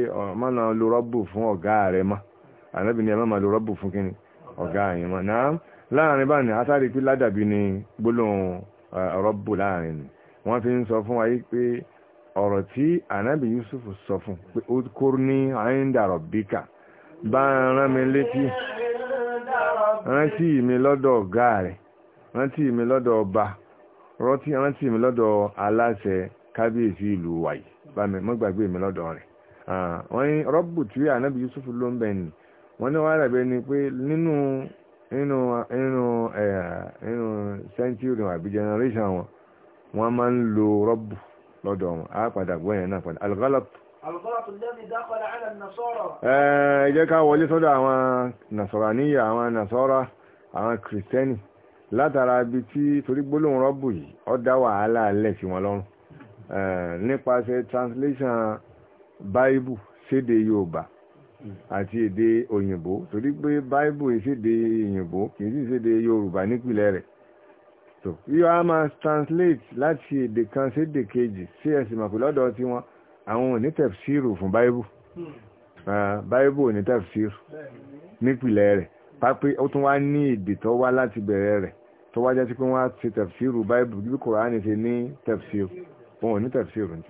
má máa lo rọ́bù fún ọ̀gá rẹ̀ mọ́ ànábì ni ẹ má máa lo rọ́bù fún kíni ọ̀gá yẹn mọ́ náà láàrin báyìí àtàrí pé ládàbí ni gbólóhùn rọ́bù láàrin ni wọ́n fi ń sọ fún wa yí pé ọ̀rọ̀ tí ànábì Yusuf sọ fún pé ó kúrú ní àyíǹda rọ̀bíkà bá rán mi létí rántí mi lọ́dọ̀ ọ̀gá rẹ̀ rántí mi lọ́dọ̀ ọba rántí mi lọ́dọ̀ aláṣẹ kábíyèsí ìlú wàyí bá mi mọ́ gbàgbé mi lọ́dọ̀ rẹ̀ wọ́n ní rọ́bù tí ànábì Yusuf ló ń bẹ̀ ni wọ́n ní wọ́n rẹ̀ ni pé nínú nínú nínú nínú century àbí generation wọn wọ́n máa ń lo rọ́bù lọ́dọ̀ wọn á padà gbọ́ yẹn náà padà algalap ẹ jẹ́ ká wọlé sọ́dọ̀ àwọn nasọ̀rọ̀ níyà àwọn nasọ̀rọ̀ àwọn kìrìsìtẹ́nì látara ibi tí torí gbólóhùn rọ́bù yìí ó dá wàhálà alẹ́ sí wọn lọ́rùn nípasẹ̀ translation bible sédè yorùbá àti èdè òyìnbó torí pé bible ìsédè òyìnbó kìí sì sédè yorùbá nípìnlẹ̀ rẹ̀ tó yóò á máa translate láti èdè kan sédè kejì sí ẹ̀sìn màpè lọ́dọ̀ tí wọn àwọn ò ní tẹ̀fsíìrù fún bible hmm. bible ò ní tẹ̀fsíìrù nípìnlẹ̀ rẹ̀ pápé ó tún wá ní èdè tó wá láti bẹ̀rẹ̀ rẹ̀ tó wá jẹ́ sí pé wọ́n á ti tafsiru báìbù bí kòránì ti ní tafsiru wọn ò ní tafsiru ní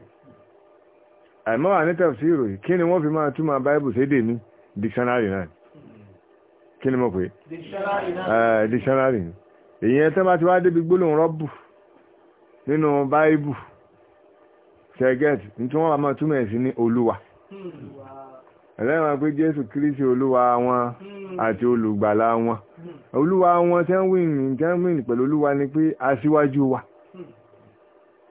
àìmọ́ wà ní tafsiru kí ni wọ́n fi máa túmọ̀ báìbù sédè ní dictionary náà kí ni mo pè
é
dictionary ni èyí ẹ̀ tẹ́ bá ti wá débi gbólóhùn rọ́bù nínú báìbù sẹ́gẹ́t ní tí wọ́n wà máa túmọ̀ ẹ̀ sí ní olúwa hmm. ẹlẹ́wọ̀n àti olùgbàlà wọn olúwa wọn tẹ́ ń wìn tẹ́ ń wìn pẹ̀lú olúwa ni pé aṣíwájú wa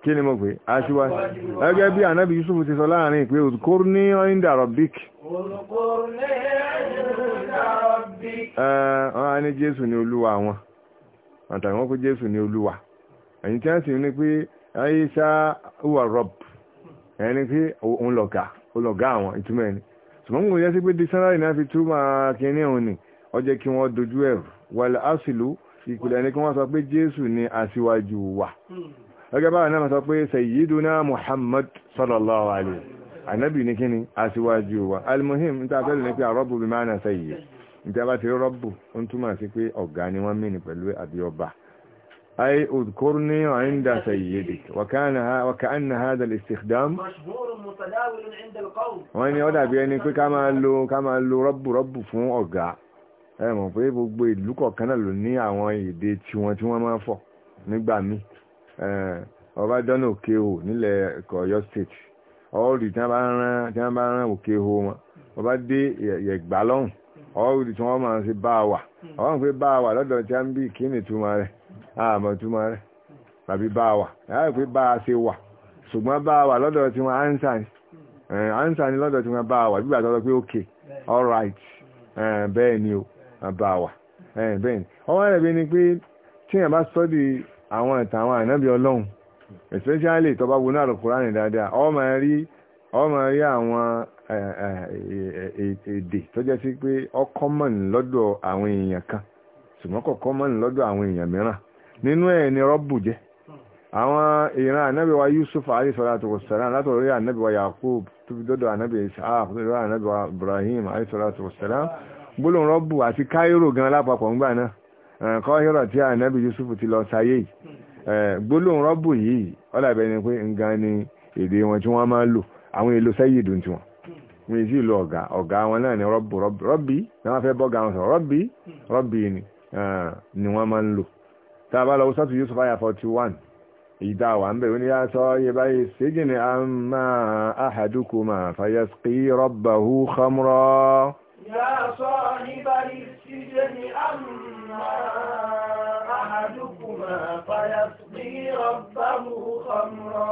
kí ni mo pè aṣíwájú gẹ́gẹ́ bí ànábì Yusuf ti sọ láàrin ìpé òkúrú ní ọ́ndà rọ̀bík
wọ́n
á ní Jésù ní olúwa wọn àtàwọn wọ́n pé Jésù ní olúwa ẹ̀yìn tí wọ́n sì ní pé ayé sá wà rọ̀b ẹni pé òun lọ̀gá àwọn ìtumọ̀ ẹni ṣùgbọ́n kò yẹ sí pé dictionary náà fi túmọ̀ kínní òun ni ó jẹ́ kí wọ́n dojú ẹ̀ wàlẹ̀ asìlú ìpìlẹ̀ ni kí wọ́n sọ pé jésù ni aṣíwájú wa gẹ́gẹ́ báwọn náà sọ pé sayyiduna muhammad sallallahu alayhi anabi ni kí ni aṣíwájú wa almuhim níta fẹ́ lónìí pé àrọ́bù bí máa nà sayyid níta bá ti rọ́bù ó ń túmọ̀ sí pé ọ̀gá ni wọ́n mìíní pẹ̀lú àbí ọba أي اذكرني عند سيدك وكان ها وكأن هذا الاستخدام
مشهور متداول عند القوم
وين يودا بيني كي كما لو كما لو رب رب fún ọ̀gá ẹ mọ̀ pé gbogbo ìlú kọ̀ọ̀kan náà ló ní àwọn èdè tí wọ́n tí wọ́n máa fọ̀ nígbà mi eh ọba dona òkè o nílẹ̀ Ọ̀yọ́ state all the tan bá ran tan bá ran òkè o wọn ọba dé Ẹ̀gbá lọ́hùn all the tí wọ́n máa ṣe bá wa àwọn pé bá wa lọ́dọ̀ tí an bí kíni túmọ̀ rẹ̀ àmọ́ túmọ̀ rẹ̀ tàbí bá wà yàrá pé bá a ṣe wà ṣùgbọ́n bá wà lọ́dọ̀ tí wọ́n ánsà ni ánsà ni lọ́dọ̀ tí wọ́n bá wà pé ok all bẹ́ẹ̀ ni o bá wà bẹ́ẹ̀ ni ọwọ́ rẹ̀ bí pé tí yàn bá sọ́dí àwọn ìtàn àwọn ànábì ọlọ́run especially dáadáa máa rí máa rí àwọn èdè tó jẹ́ sí pé kan ṣùgbọ́n lọ́dọ̀ àwọn èèyàn mìíràn nínú ẹ̀ ni rọ́bù jẹ́ àwọn ìran ànábìwa yusuf alayhisalatu wasalam látọ̀rí yakub tó dọ́dọ̀ ànábì isaac tó dọ́dọ̀ ànábìwa ibrahim alayhisalatu gbólóhùn rọ́bù àti gan lápapọ̀ ńgbà náà kọ́hírọ̀ tí ànábì yusuf ti lọ sáyé gbólóhùn rọ́bù yìí ọ̀làbẹ̀ ni pé nǹkan ni èdè wọn tí wọ́n máa ń lò àwọn èlò lo ni wọn tàbá lọ sọ́tù Yusuf àyà 41 ida ń bẹ̀rẹ̀ ní yá sọ yẹ bayi sígìn amma máa àhàdùkù máa fayasqi rabbahu khamra
yá sọ ní báyìí sígìn a máa àhàdùkù máa fayasqi rabbahu khamra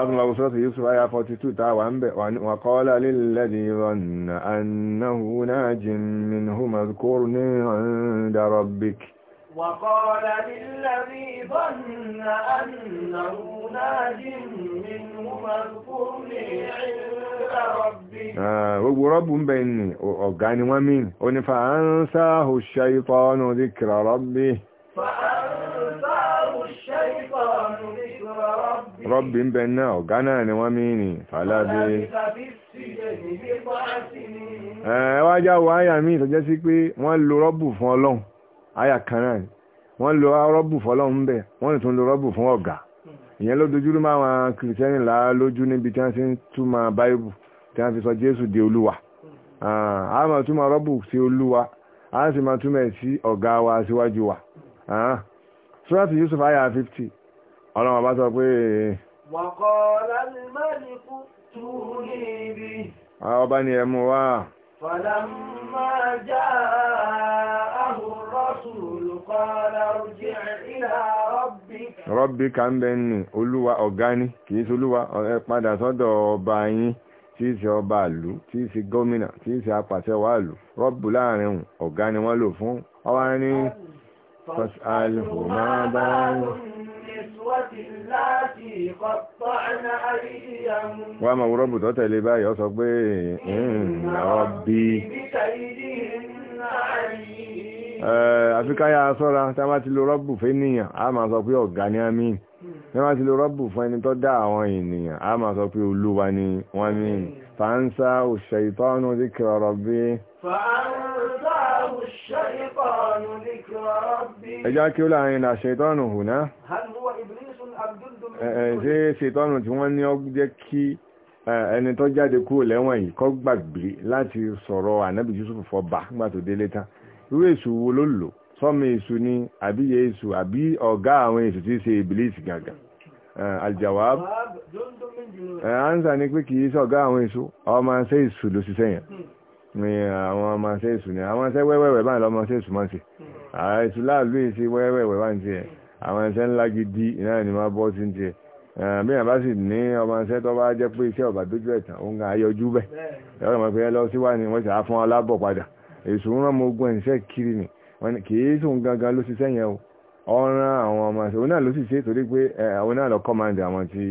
ọdún lọ
sọ́tù Yusuf 42 tàwà ń bẹ̀rẹ̀ wà qala lilladhi dhanna annahu najin minhuma dhkurni
وقال للذي ظن أنه ناج منه اذكرني عند
ربي gbogbo rọ́bù ń bẹ̀ ní
ọ̀gá ni wọ́n mí o ní fa'ánsáhù ṣaitọ́nù díkìrà rọ́bì
rọ́bì ń bẹ̀ náà
ọ̀gá náà ni wọ́n mí ní fàlábé ẹ̀wájá wáyà mí ìtọ́jẹ́ sí pé wọ́n lo rọ́bù fún ọlọ́run àyà kan náà wọ́n lo rọ́bù fọlọ́run bẹ̀ wọ́n tún lo rọ́bù fún ọ̀gá ìyẹn ló dojúrú máa wọn kìrìsìtẹ́nì là lójú níbi tí wọ́n ti ń túmọ̀ báíbù tí wọ́n fi sọ jésù di olúwa a máa túmọ̀ rọ́bù sí olúwa a sì máa túmọ̀ sí ọ̀gá wa síwájú wa sùràtì yusuf àyà fifty ọlọ́run bá sọ pé.
wàkọ́ lálẹ́ mẹ́rin kú túrú ní ibi.
ọba ni ẹ mú wá.
فلما جاءه الرسول قال ارجع إلى ربك
ربك ń bẹ ní olúwa ọ̀gá ni kìí sí olúwa ẹ padà sọ́dọ̀ ọba yín tí í ṣe ọba ìlú tí í ṣe gómìnà tí í ṣe apàṣẹ wà ìlú rọ́bù láàrin ọ̀gá ni wọ́n lò fún ọwá ní fọ́sálùmọ́ bá ń wọ́n máa wúrọ́ bùtọ́ tẹ̀lé báyìí ọ sọ pé ọ̀bí àfikáyà sọ́ra tí a máa ti lo rọ́bù fẹ́ níyàn a máa sọ pé ọ̀gá ní àmì tí a máa ti lo rọ́bù fún ẹni tó dá àwọn ènìyàn a máa sọ pé olúwa ni wọ́n ní fàánsá òṣèrè ìtọ́nù díkìrọ̀ rọ̀bí ẹjá kí ó láàrin ìlàṣẹ ìtọ́nù hù náà ṣe ṣètọ́nù tí wọ́n ní ó jẹ́ kí ẹni tó jáde kúrò lẹ́wọ̀n yìí kó gbàgbé láti sọ̀rọ̀ ànábì Yusuf fọba nígbà tó délé tán irú èṣù wo ló lò sọ́mi èṣù ni àbí yẹ èṣù àbí ọ̀gá àwọn èṣù tí í ṣe ìbílísì gàgà aljawab ansa ni pé kì í sọ̀gá àwọn èṣù ọmọ ṣe èṣù ló ṣiṣẹ́ yẹn ni àwọn ọmọ ṣe èṣù ni àwọn ṣe wẹ́wẹ́wẹ́ báyìí lọ́mọ ṣe èṣù máa ń ṣe àìsù láàlú àwọn ẹsẹ̀ ńlá gidi náà ni máa bọ́ sí ti ẹ̀ bí yàrá sì ní ọmọ ẹsẹ̀ tó bá jẹ́ pé iṣẹ́ ọ̀bà dójú ẹ̀tàn òun kà á yọjú bẹ̀ ẹ̀rọ mọ̀ pé ẹ lọ síwá ni wọ́n sì á fún ọ lábọ̀ padà èso ń rán mo ogun ẹ̀ṣẹ̀ kiri ni kì í sùn gangan ló ṣiṣẹ́ yẹn o ọ̀ràn àwọn ọmọ ẹsẹ̀ òun náà ló sì ṣe torí pé òun náà lọ kọ́mándì àwọn tí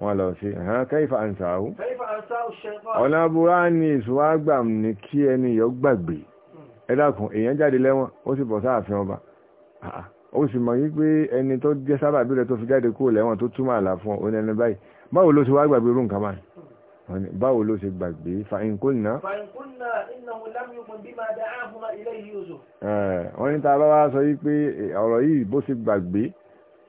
wọ́n lọ sí kẹ́yìfà àǹsáwó ọ̀nà burá ni ìṣúwá gbà ní kí ẹni yọ gbàgbé hmm. ẹ dákun èèyàn jáde lẹ́wọ̀n ó sì bọ̀ sáàfin ọba ó sì mọ̀ yí pé ẹni tó jẹ́ sábà bí rẹ̀ tó fi jáde kúrò lẹ́wọ̀n tó túmọ̀ àlà fún ọ ní ẹni báyìí báwo ló ṣe wá gbàgbé irú nǹkan báyìí báwo ló ṣe gbàgbé fàyínkulnà wọ́n ní ta bá wá sọ yí pé eh, ọ̀rọ̀ yìí bó ṣe gbàgbé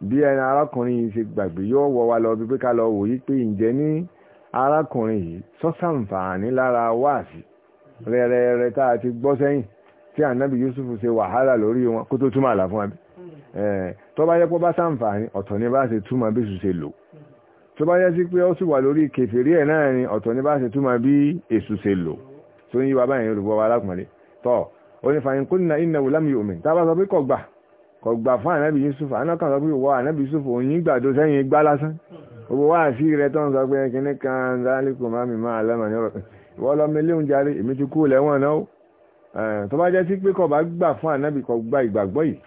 bí ẹni arákùnrin yìí ṣe gbàgbé yóò wọ wa lọ bí pé ká lọ wò yí pé ǹjẹ́ ní arákùnrin yìí sọ́sàǹfààní lára wáàsí rẹ̀rẹ̀rẹ̀ tá a ti gbọ́ sẹ́yìn tí ànábì Yusuf ṣe wàhálà lórí wọn kó tó túmọ̀ àlà fún wa bí. Eh, tó bá yẹ pé ó bá sàǹfààní ọ̀tọ̀ ní bá ṣe túmọ̀ bí èṣù ṣe lò tó bá yẹ sí pé ó sì wà lórí kèfèrí ẹ̀ náà ni ọ̀tọ̀ ní bá ṣe túmọ̀ bí èṣù ṣe lò tó ń yí wa báyìí olùgbọ́ wa alákùnrin tọ́ onífàyín kó nínú iná wòlámi omi tá a bá sọ pé kọ̀gbà kọ̀gbà fún ànábì Yusuf anákan sọ pé wọ ànábì Yusuf òyìn gbàdo sẹ́yìn gbá lásán gbogbo wá eh, sí pé kíní bá gbà fún ànábì kọ̀gbà ìgbàgbọ́ yìí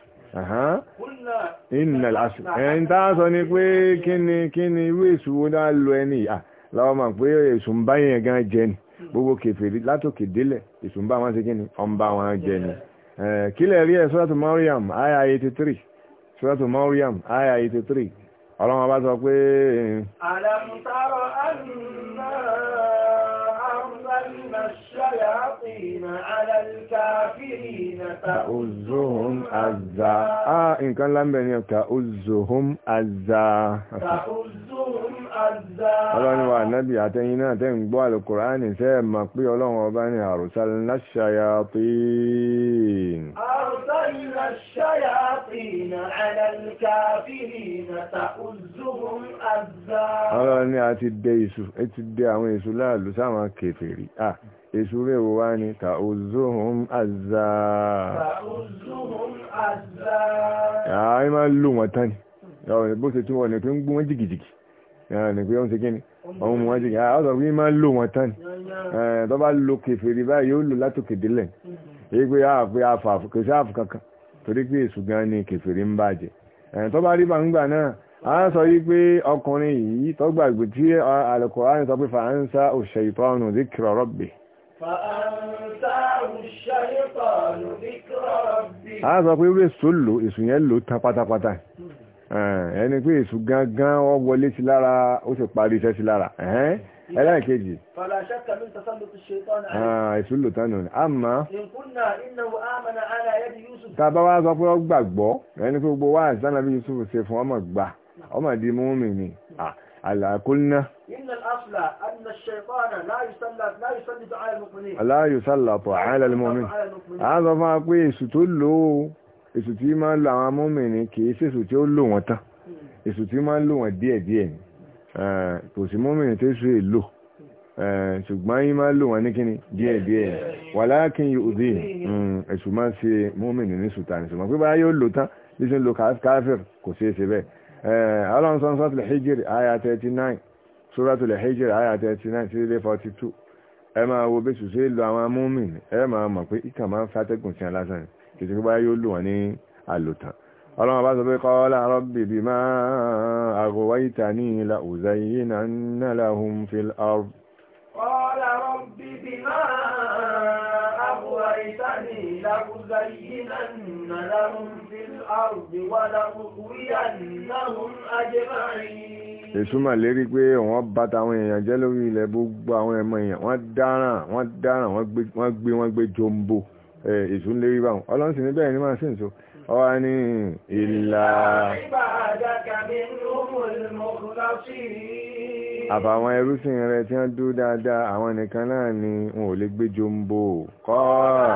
ìnà lásù ẹ̀yìn tá a sọ ni pé kí ni kí ni irú èṣù wo náà lo ẹni yìí láwọn máa pé èṣù ń bá yẹn gan jẹ ni hmm. gbogbo kèfèrí látòkè délẹ̀ èṣù ń bá wọn ṣe kí ni ọ̀n bá wọn jẹ ni kílẹ̀ rí ẹ̀ suratu Maryam aya 83 suratu Maryam aya 83 ọlọ́run bá sọ pé.
alam tara الشياطين على الكافرين تؤزهم أزا
آه إن كان لم بني تؤزهم أزا
تؤزهم أزا ọlọ́ni wa
nábì àtẹ́yìn náà tẹ́ ń gbọ́ alùkùránì tẹ́ mọ̀ pé ọlọ́run ọba ni àrùsálínà ṣayatín
àrùsálínà ṣayatín على الكافرين تؤزهم أزا
ọlọ́ni a ti dé èṣù láàlú sáwọn kèfèrí ah èṣù rẹ̀ wá ní tàùzúhùn àzá ààrẹ máa lò wọ́n tán ni bó ṣe tún ní pé ń gbó wọ́n jìgìjìgì ní pé ó ṣe kí ni ọmọ jìgì àwọn ọ̀sán máa lò wọ́n tán ni tó bá lo kèfèrè báyìí yóò lò èyí pé àfà kò sí kankan torí pé èṣù gan ni kèfèrè ń bàjẹ́ tó bá rí bàǹgbà náà a ń sọ yí pé ọkùnrin yìí tó gbàgbé tí sọ pé
a
sọ
pé orí èso lò èso yẹn lò tán pátápátá hmm. ẹni pé èso gangan ó wọlé sí lára ó sì parí iṣẹ́ sí lára ẹlẹ́ẹ̀kejì ah, èso lò tán nù àmọ́ tàbá wá sọ pé ó gbàgbọ́ ẹni pé gbogbo wá àti sànàbí Yusuf ṣe fún ọmọ gbà ọmọ di mú mi ni àlàkùnà.
إن الأصل أن الشيطان لا يسلط لا يسلط على المؤمنين لا
يسلط على المؤمن هذا ما pé èṣù tó lò èṣù tí máa ń lò àwọn mùmínì kìí ṣe èṣù tí ó lò wọ́n tán èṣù hmm. tí máa ń lò wọ́n díẹ̀ díẹ̀ ni kò sí mùmínì tó ṣe é lò ṣùgbọ́n yín máa lò wọ́n ní kíni díẹ̀ díẹ̀ walakin yu'dhihim èṣù máa ń ṣe mùmínì ní sùtà ní ṣùgbọ́n pé báyà yóò lò tán bí ṣe ń lo káfíìr kò ṣeé ṣe bẹ́ẹ̀ ọlọ́run sọ́nsọ́tìlẹ̀ hijir ayah thirty nine suratul hijr àyà 39 sí 42 ẹ máa wo bí ṣùṣe lọ àwọn amúmìn ẹ máa mọ̀ pé ìkà máa ń fàtẹ́gùn sí alásán kìtì pé báyá yóò lù wọ́n ní àlòtàn ọlọ́run bá sọ pé qala rabbi bima aghwaytani la uzayyinanna lahum fil ard
qala rabbi bima aghwaytani la uzayyinanna lahum fil ard wa la ughwiyannahum ajma'in
èsúmà lérí pé wọ́n bá tàwọn èèyàn jẹ́ lórí ilẹ̀ gbogbo àwọn ẹmọ èèyàn wọ́n dáràn wọ́n dáràn wọ́n gbé wọ́n gbé jombo èsú lérí báwọn ọlọ́sìn níbẹ̀ ní máa sì ń so ọwá ní ìlà àbàwọn ẹrúsìn rẹ tí wọ́n dúró dáadáa àwọn nìkan náà ni wọn ò lè gbé jombo kọ́ ọ́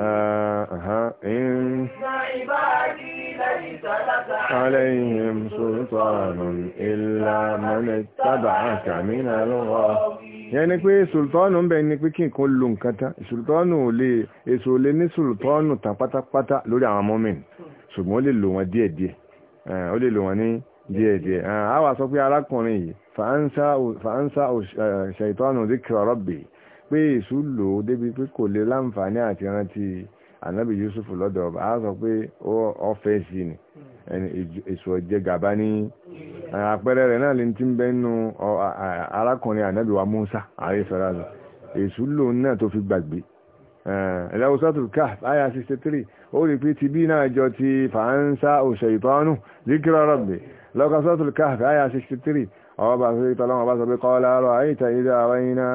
إن
عبادي ليس لك
عليهم
سلطان إلا من اتبعك من الغافلين yẹni pé sultanu ń bẹ ni pé kí nǹkan lo nǹkan tán sultanu ò lè èso lè ní sultanu tán pátápátá lórí àwọn mọ́mìn ṣùgbọ́n ó lè lò wọ́n díẹ̀díẹ̀ eh, ó lè lò wọ́n ní díẹ̀díẹ̀ eh, a wá sọ pé arákùnrin yìí fàánsá ṣàìtọ́nù eh, dhikra rabbi pé èṣù lò ó débi pé kò lè láǹfààní àti rántí ànábì Yusuf lọ́dọ̀ ọba a sọ pé ọfẹ́ sí ni èṣù ọ̀jẹ̀ gàba ní àpẹẹrẹ rẹ̀ náà lè ti ń bẹ́ nínú arákùnrin ànábì wa Musa àríṣọ́ra lọ èṣù lò ó náà tó fi gbàgbé ẹ̀lẹ́wọ̀sọ́tù káf àyà 63 ó rí pé ti bí náà jọ ti fàánsá òṣè ìtọ́nù díkìrọ̀ rọ̀gbẹ̀ lọ́kọ̀sọ́tù káf àyà 63 أوبا في طلم أوبا سبي قال أرأيت إذا أوينا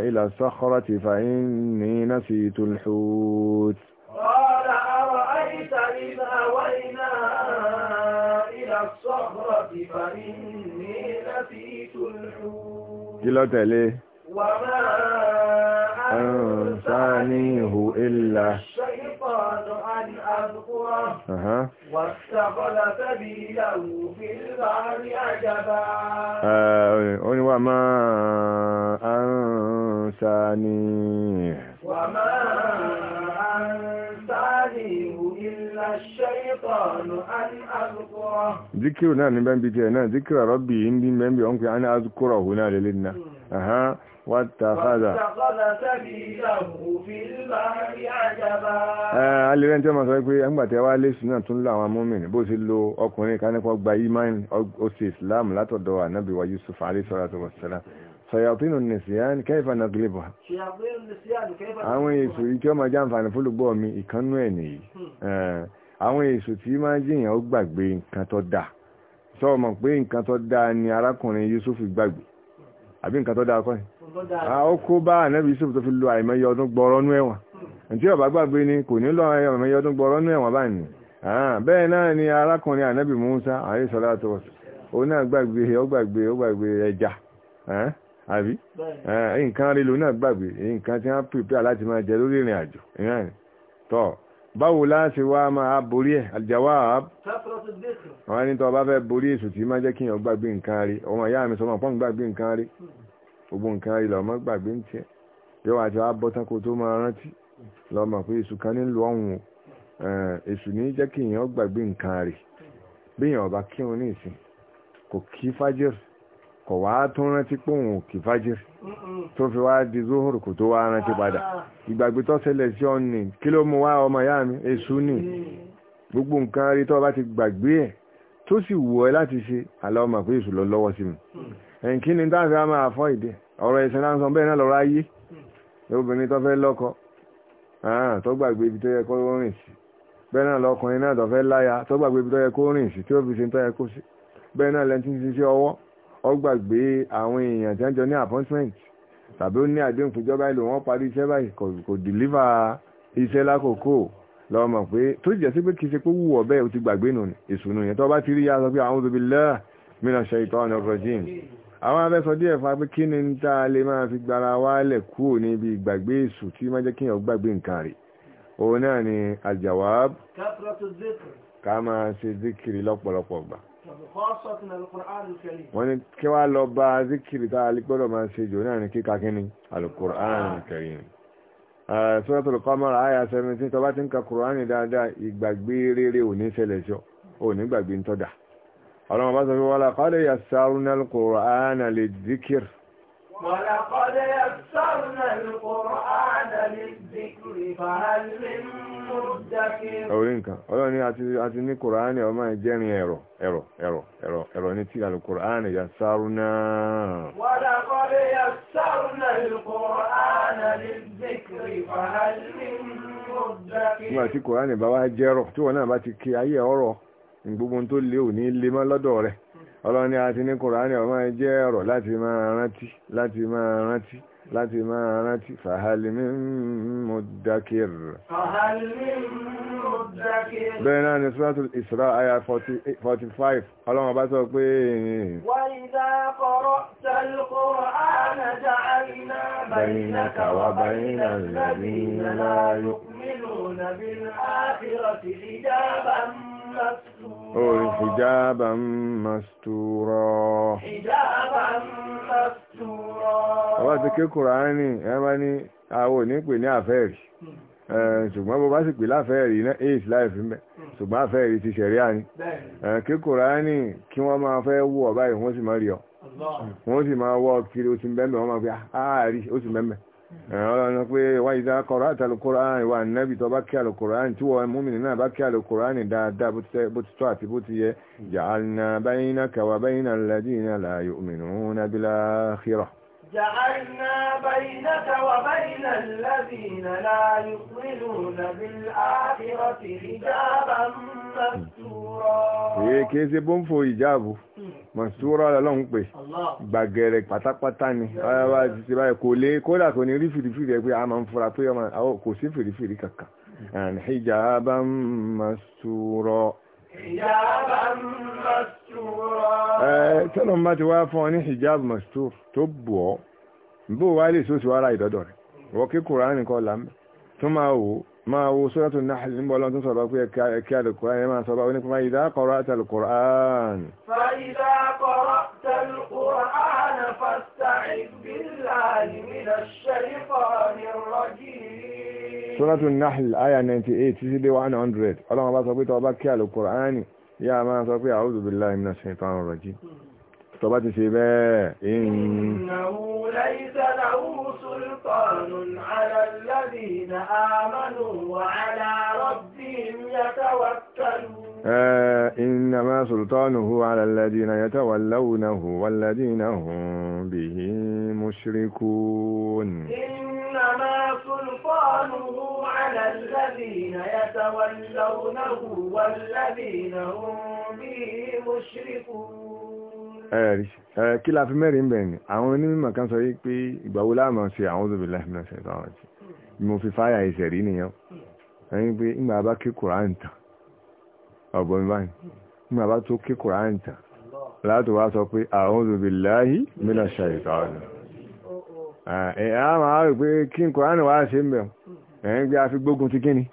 إلى الصخرة فإني نسيت الحوت
قال أرأيت إذا أوينا إلى الصخرة فإني نسيت الحوت
جلو تلي
وما
أنسانيه إلا الشيطان أن أذكره واستغل سبيله في البحر عجبا
آه، وما أنسانيه
وما أنسانيه إلا الشيطان أن
أذكره بيتنا ذكر ربي إن بيان بيان أن أذكره هنا للنا أها wàtàkádà alẹ́rẹ́ tí wọ́n sọ pé ẹgbàtẹ́ wá lè sínú tún lọ àwọn mọ́mìnì bó ti lo ọkùnrin kanípọ̀ gba imán oṣù islam látọ̀dọ̀ ànábì wa yusuf alẹ́sọ́rọ̀ tó wọ́n sẹ́lá sọ̀yàpínú nìsíyàn kẹfà náà gílébà àwọn èsù tí ó máa jàǹfààní fólùgbọ́ mi ìkánú ẹ̀ nìyí àwọn èsù tí máa jìyàn ó gbàgbé nǹkan tó dáa sọ mọ̀ pé nǹkan tó dáa ni arákùnrin yusuf gbàgbé àbí nǹkan tó dáa kọ́ ni
ó
kó bá ànábì Yusuf tó fi lo àìmọye ọdún gbọ́rọ́ nú ẹ̀wọ̀n ǹtí ó bá gbàgbé ni kò ní lọ àìmọye ọdún gbọ́rọ́ nú ẹ̀wọ̀n báyìí bẹ́ẹ̀ náà ni arákùnrin ànábì Musa alayhi salatu ó náà gbàgbé ó gbàgbé ó gbàgbé ẹja àbí nǹkan rí lo náà gbàgbé nǹkan tí wọ́n pèpè láti máa jẹ lórí ìrìn àjò tọ́ báwo láti wá máa borí ẹ̀ aljawab wọ́n ní tó bá fẹ́ borí èsù tí máa jẹ́ kí èèyàn gbàgbé nǹkan rí ọmọ ìyá mi sọmọ pọ́n gbàgbé nǹkan rí gbogbo nǹkan ayé lọ́mọ gbàgbé ń tiẹ̀ yóò wá ti wá bọ́ tán kó tó máa rántí lọ́mọ pé èṣù kan nílùú ọ̀hún èṣù ní jẹ́ kí èèyàn gbàgbé nǹkan rẹ̀ bí èèyàn ọba kírun ní ìsìn kò kí fájìr kò wá tó rántí pé òun ò kí fájìr tó fi wá di zohor kò tó wá rántí padà ìgbàgbé tó ṣẹlẹ̀ sí ọ̀nì kí ló mú wá ọmọ ìyá mi èṣù ni gbogbo nǹkan rí tó bá ti gbàgbé ẹ̀ tó sì wù ẹ́ láti ṣe àlọ́ ọmọ pé èṣù lọ lọ́wọ́ sí mi ẹ̀ǹkí ni táàfì a máa fọ́ ìdí ọ̀rọ̀ ìsìn náà ń sọ bẹ́ẹ̀ náà lọ́rọ̀ ayé obìnrin tó fẹ́ lọ́kọ ah, tó gbàgbé ibi tó yẹ kó rìn sí bẹ́ẹ̀ náà lọ́kùnrin náà tó fẹ́ láya tó gbàgbé ibi tó yẹ kó rìn sí tí ó fi ṣe tó yẹ kó sí bẹ́ẹ̀ náà lẹ́ni tí ń ṣiṣẹ́ ọwọ́ ó gbàgbé àwọn èèyàn tí wọ́n jọ ní appointment tàbí ó ní àdéhùn fúnjọba ìlú wọn parí iṣẹ́ báyìí kò deliver iṣẹ́ lákòókò lọ́mọ pé tó jẹ́ sí pé kì í ṣe pé wù ọ́ bẹ́ẹ̀ ó ti gbàgbé nù ìṣùnú yẹn tó bá ti rí yá sọ pé a'udhu billahi minash shaitani rrajim àwọn abẹ́sọ díẹ̀ fún apé kí ni ń tá a lè máa fi gbara wálẹ̀ kúrò níbi ìgbàgbé èṣù tí má jẹ́ kí èèyàn gbàgbé nǹkan rẹ̀ òun náà ni aljawab ká máa ṣe zikiri lọ́pọ̀lọpọ̀ gbà wọ́n ní kí wá lọ bá zikiri tá a lè gbọ́dọ̀ máa ṣe jù náà ni kíka kí ni alukur'an karim Suratul Qamar àyà 17 tó bá ti ń ka kùránì dáadáa ìgbàgbé rere ò ṣẹlẹ̀ ọlọ́run bá sọ pé wọ́n làkọ́lẹ̀ yà sárúnà al-Qur'ana lè díkìr orí nǹkan ọlọ́run ni àti ní kùránì ọmọ ìjẹrin ẹ̀rọ ẹ̀rọ ẹ̀rọ ẹ̀rọ ẹ̀rọ ní tí alùkùránì yà sárúnà
wa laqad yassarna al-Qur'ana lil-dhikri fahal min muddakir
nígbà tí kùránì gbogbo tó lé òní lé mọ́ lọ́dọ̀ rẹ̀ ọlọ́ni àti ní kùránì ó máa jẹ́ ọ̀rọ̀ láti máa rántí láti máa rántí láti máa rántí fàhálì min muddakir bẹ́ẹ̀ náà ni suratul Isra aya 45 ọlọ́wọ́n bá sọ pé
wa idha qara'tal Qur'ana ja'alna baynaka wa baynal ladhina
orí oh,
hijaban mastura ọba ti ké kùránì ẹmà ní àwọn onípè ní àfẹ́ẹ̀rí ṣùgbọ́n bó bá sì pè láfẹ́ẹ̀rí náà eight láìfí mẹ́ ṣùgbọ́n àfẹ́ẹ̀rí ti ṣẹ̀rí àní ké kùránì kí wọ́n máa fẹ́ wú ọba ìwọ́n sì máa rí ọ wọ́n sì máa wọ́ kiri ó ti mẹ́mẹ́ wọ́n máa fi àárí ah, ó sì mẹ́mẹ́ ọlọ́run pé wá ìdá kọ̀rọ̀ àtàlùkọ́rọ̀ ìwà nẹ́bì tó bá kí àlùkùránì tí wọ́n múmìnì náà bá kí àlùkùránì dáadáa bó ti tọ́ àti bó ti yẹ ja'alna baynaka wa bayna alladhina la yu'minuna bil akhirah
جعلنا بينك وبين الذين لا يؤمنون بالآخرة حجابا
èyí kìí ṣe bó ń fo ìjáàbù mọ̀súrọ̀ ọlọ́run pé gbàgẹ̀rẹ̀ pátápátá ni ọlọ́wà ti ṣe báyìí kò lè kódà kò ní rí fìrìfìrì ẹ a máa ń fura tó yọ kò sí fìrìfìrì kankan hijaban mọ̀súrọ̀ tọ́lọ́n bá ti wá fún ọ ní hijab mastur tó bù ọ́ bó wá lè sóòsì wára ìdọ́dọ̀ rẹ̀ wọ́n kí kùránì kọ́ lámẹ́ tó máa wò máa wo suratul Nahl níbo ọlọ́run tó sọ̀rọ̀ pé ẹ̀kí alùkùránì máa sọ̀rọ̀ ó ní fa idha qara'ta al-Qur'an suratul nahl aya 98 títí dé 100 ọlọ́run bá sọ pé tọ́ ọba kí àlùkùránì yá máa sọ pé a'udhu billahi minash shaitanir rajim إنه
ليس له سلطان على الذين آمنوا وعلى ربهم يتوكلون
اه، إنما سلطانه على الذين يتولونه والذين هم به مشركون
إنما سلطانه على الذين يتولونه
والذين هم به مشركون
ẹ̀rí kí la fi mẹ́rin bẹ̀ ni àwọn onímọ̀ kan sọ yí pé ìgbàwó láàmà ṣe àwọn òbí láìpẹ́ ṣe tó àwọn ti mo fi fáyà ìṣẹ̀ rí nìyẹn ẹ̀yìn pé ńgbà bá kí kùrán tán ọ̀bọ̀n báyìí ńgbà bá tó kí kùrán tán láti wá sọ pé àwọn òbí láàyè mílà ṣe ìtọ́ ọ̀nà ẹ̀ á máa rò pé kí kùrán wá ṣe ń bẹ̀ ẹ̀yìn pé a fi gbógun ti kíni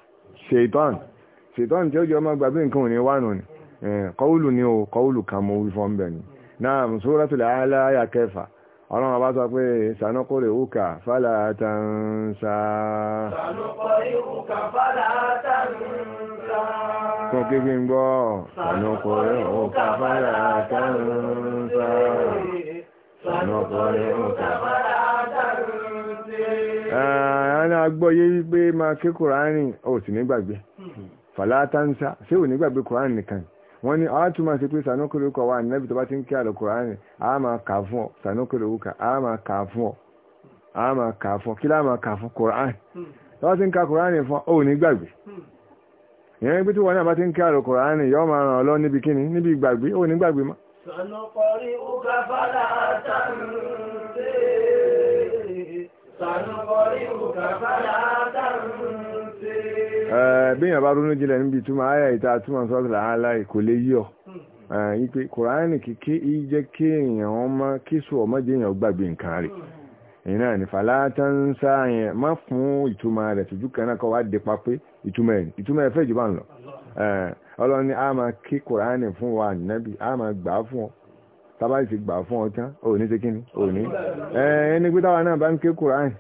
ṣètọ́n ṣètọ́n tí ó jẹ́ ọmọ gbàgbé nǹkan ò ní wà ni kọ́wùlù ni o kọ́wùlù kan mo wí fọ́ ń bẹ̀ ni náà suratul A'la àyà kẹfà ọlọ́run bá sọ pé sanukore uka fàlà tansa sanukore uka fàlà tansa tó kéfì ń gbọ́ sanukore uka fàlà tansa sanukore uka fàlà
tansa
ẹ̀ẹ́nà agbóyé wípé máa ké kùránì ò sì nígbàgbé hmm. fàlà tansa ṣé ò nígbàgbé kùránì nìkan wọ́n ní àwọn túmọ̀ pé sànúkúrò kọ̀ wa nẹ́bí tó bá ti ń a máa kà fún ọ sànúkúrò kà a máa kà fún ọ a ka o ni gbagbe. tí wọ́n náà hmm. bá ti ń kí àlùkùránì ràn ọ lọ bi gbagbe o ni gbagbe ma
gbàgbé mọ́.
bíyàn bá ronú jinlẹ̀ níbi túmọ̀ àyà ìta túmọ̀ sọ́tìlá aláì kò lè yí ọ ipe kòránì kíké ìjẹ́ kí èèyàn ọmọ kíso ọmọ jẹ́ èèyàn gbàgbé nǹkan rẹ̀ èyí náà ní fàlátà ń sáàyàn má fún ìtumọ̀ rẹ̀ tójú kan náà kọ́ wá dé papé ìtumọ̀ ẹ̀ ìtumọ̀ ẹ̀ fẹ́ jù bá ń lọ ọlọ́ni a máa kí kòránì fún wa nẹ́bí a máa gbà fún ọ tábà sì gbà fún ọ tán ò ní ṣe kíni ò ní ẹni pé táwa náà bá ń ké kòránì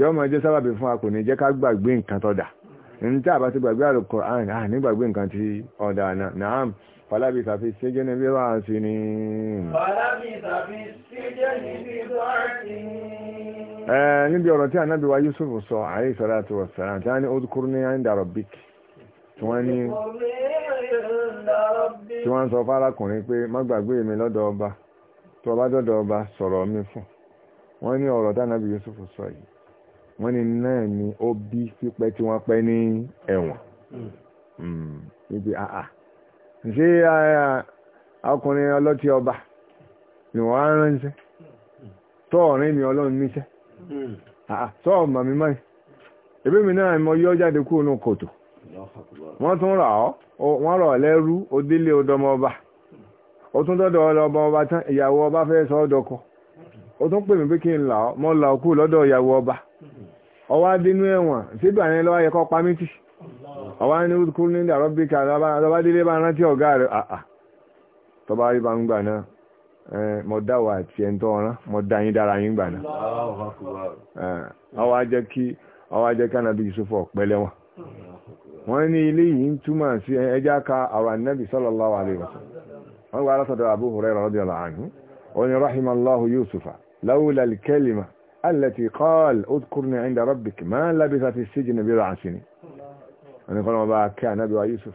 yọ́ máa jẹ́ sábàbí fún wa kò ní jẹ́ ká gbàgbé nǹkan tó dà níta àbá ti gbàgbé Al-Qur'an à nígbàgbé nǹkan tí ọ̀dà náà náà fàlábì sàfi síjẹ́ ní bí wàá sí ni. fàlábì
sí ni.
níbi ọ̀rọ̀ tí wa Yusuf sọ àyè sọ́dá tó wọ̀ sàrán tí wọ́n ní udkur ní tí wọ́n sọ fárakùnrin pé má gbàgbé mi lọ́dọ̀ ọba tó ọba dọ́dọ̀ ọba sọ̀rọ̀ mi fún wọ́n ní Yusuf sọ wọ́n ní náà ni ó bí pípẹ́ tí wọ́n pẹ́ ní ẹ̀wọ̀n níbi hmm. hmm. àà ah, ah. ṣé ah, ọkùnrin ọlọ́tí ọba ni wọ́n á ránṣẹ́ tọ́ọ̀rin mi ọlọ́run níṣẹ́ hmm. tọ́ọ̀ màmí mi náà mọ yọ jáde kúrò ní kòtò wọ́n tún rà ọ́ wọ́n rọ̀ lẹ́rú odílé ó tún dọ́dọ̀ tán ìyàwó ọba fẹ́ sọ ọ́ dọkọ ó tún pè n ọwá dínú ẹ̀wọ̀n sígbà ní lọ́wọ́ yẹ kọ́ pa mí tì ọwá ní kúrú ní ìdàrọ́ bí ká lọ́wọ́ délé bá rántí ọ̀gá rẹ̀ àà ah, ah, tọ́ba rí bá ń gbà náà mo dá wà àti ẹ̀ ń ọ̀rán mo dá yín dára yín gbà náà ọwá jẹ́ kí ọwá jẹ́ kí anábì Yusuf wọn wọ́n ní ilé yìí ń túmọ̀ sí ka àwọn Abu التي قال اذكرني عند ربك ما لبث في السجن بضع سنين أنا قال ما بقى كان أبي يوسف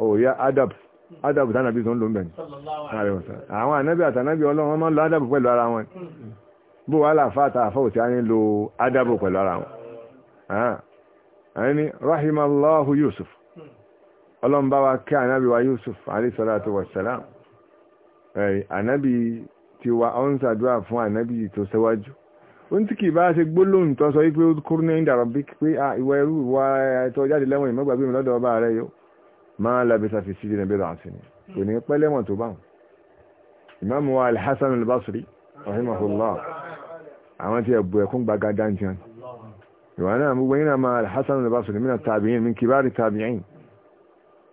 أو يا أدب أدب ده نبي زون لون صلى الله عليه وسلم àwọn ànábì àtànábì Ọlọ́run máa ń lo adabu pẹ̀lú ara wọn bó wàá là fàtà àfọwò tí a ní lo adabu pẹ̀lú ara wọn àní rahimallahu Yusuf Ọlọ́run bá wa kí ànábì wa Yusuf alayhi salatu wa salam ànábì tiwa ọ̀n ṣàdúrà fún ànábì tó ṣíwájú ohun tí kì í bá ṣe gbólóhùn tó sọ wípé ó kúrú ní ìdàrọ̀ bí pé ìwọ ẹrú ìwà ẹ̀tọ́ jáde lẹ́wọ̀n ìmọ̀gbàgbé mi lọ́dọ̀ ọba rẹ yó máa lábẹ́ sàfi sí ìdílé bẹ́ẹ̀ àti ni kò ní pẹ́ lẹ́wọ̀n tó bá wọn. ìmáàmù wa alhassan al-basri rahimahullah àwọn tí ẹ̀bù ẹ̀kún gbagada ń jẹun ìwà náà gbogbo yín náà máa alhassan al-basri mina tabi'in min kibari tabi'in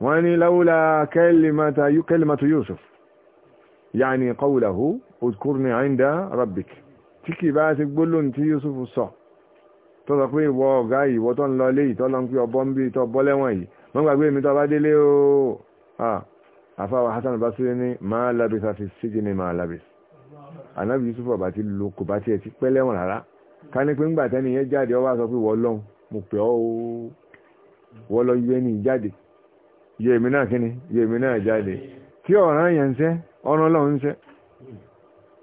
wọ́n ní láwùlà kalimatu yusuf yaani qawluhu udkurni inda rabbika tí kì bá ṣe gbólóhùn tí Yusuf sọ tó sọ pé ìwọ ọ̀gá ìwọ tó ń lọ ilé ìtọ́ lọ ń pé ọbọ̀ ń bí ìtọ́ bọ́ lẹ́wọ̀n yìí wọ́n gbàgbé mi tó bá délé o àfáwà Hasan Basiri ní máa labisa fi síjì ní máa labisa anábì Yusuf ọba ti lo kò bá tiẹ̀ ti pẹ́ lẹ́wọ̀n rárá ká ní pé ńgbà tẹ́ni yẹn jáde ọba sọ pé wọ́n lọ́hùn mo pè ọ́ o wọ́n lọ yẹ ní ìjáde yẹ èmi náà kíni yẹ èmi náà jáde tí ọ̀ràn yẹn ń sẹ́ ọ̀ràn ọlọ́run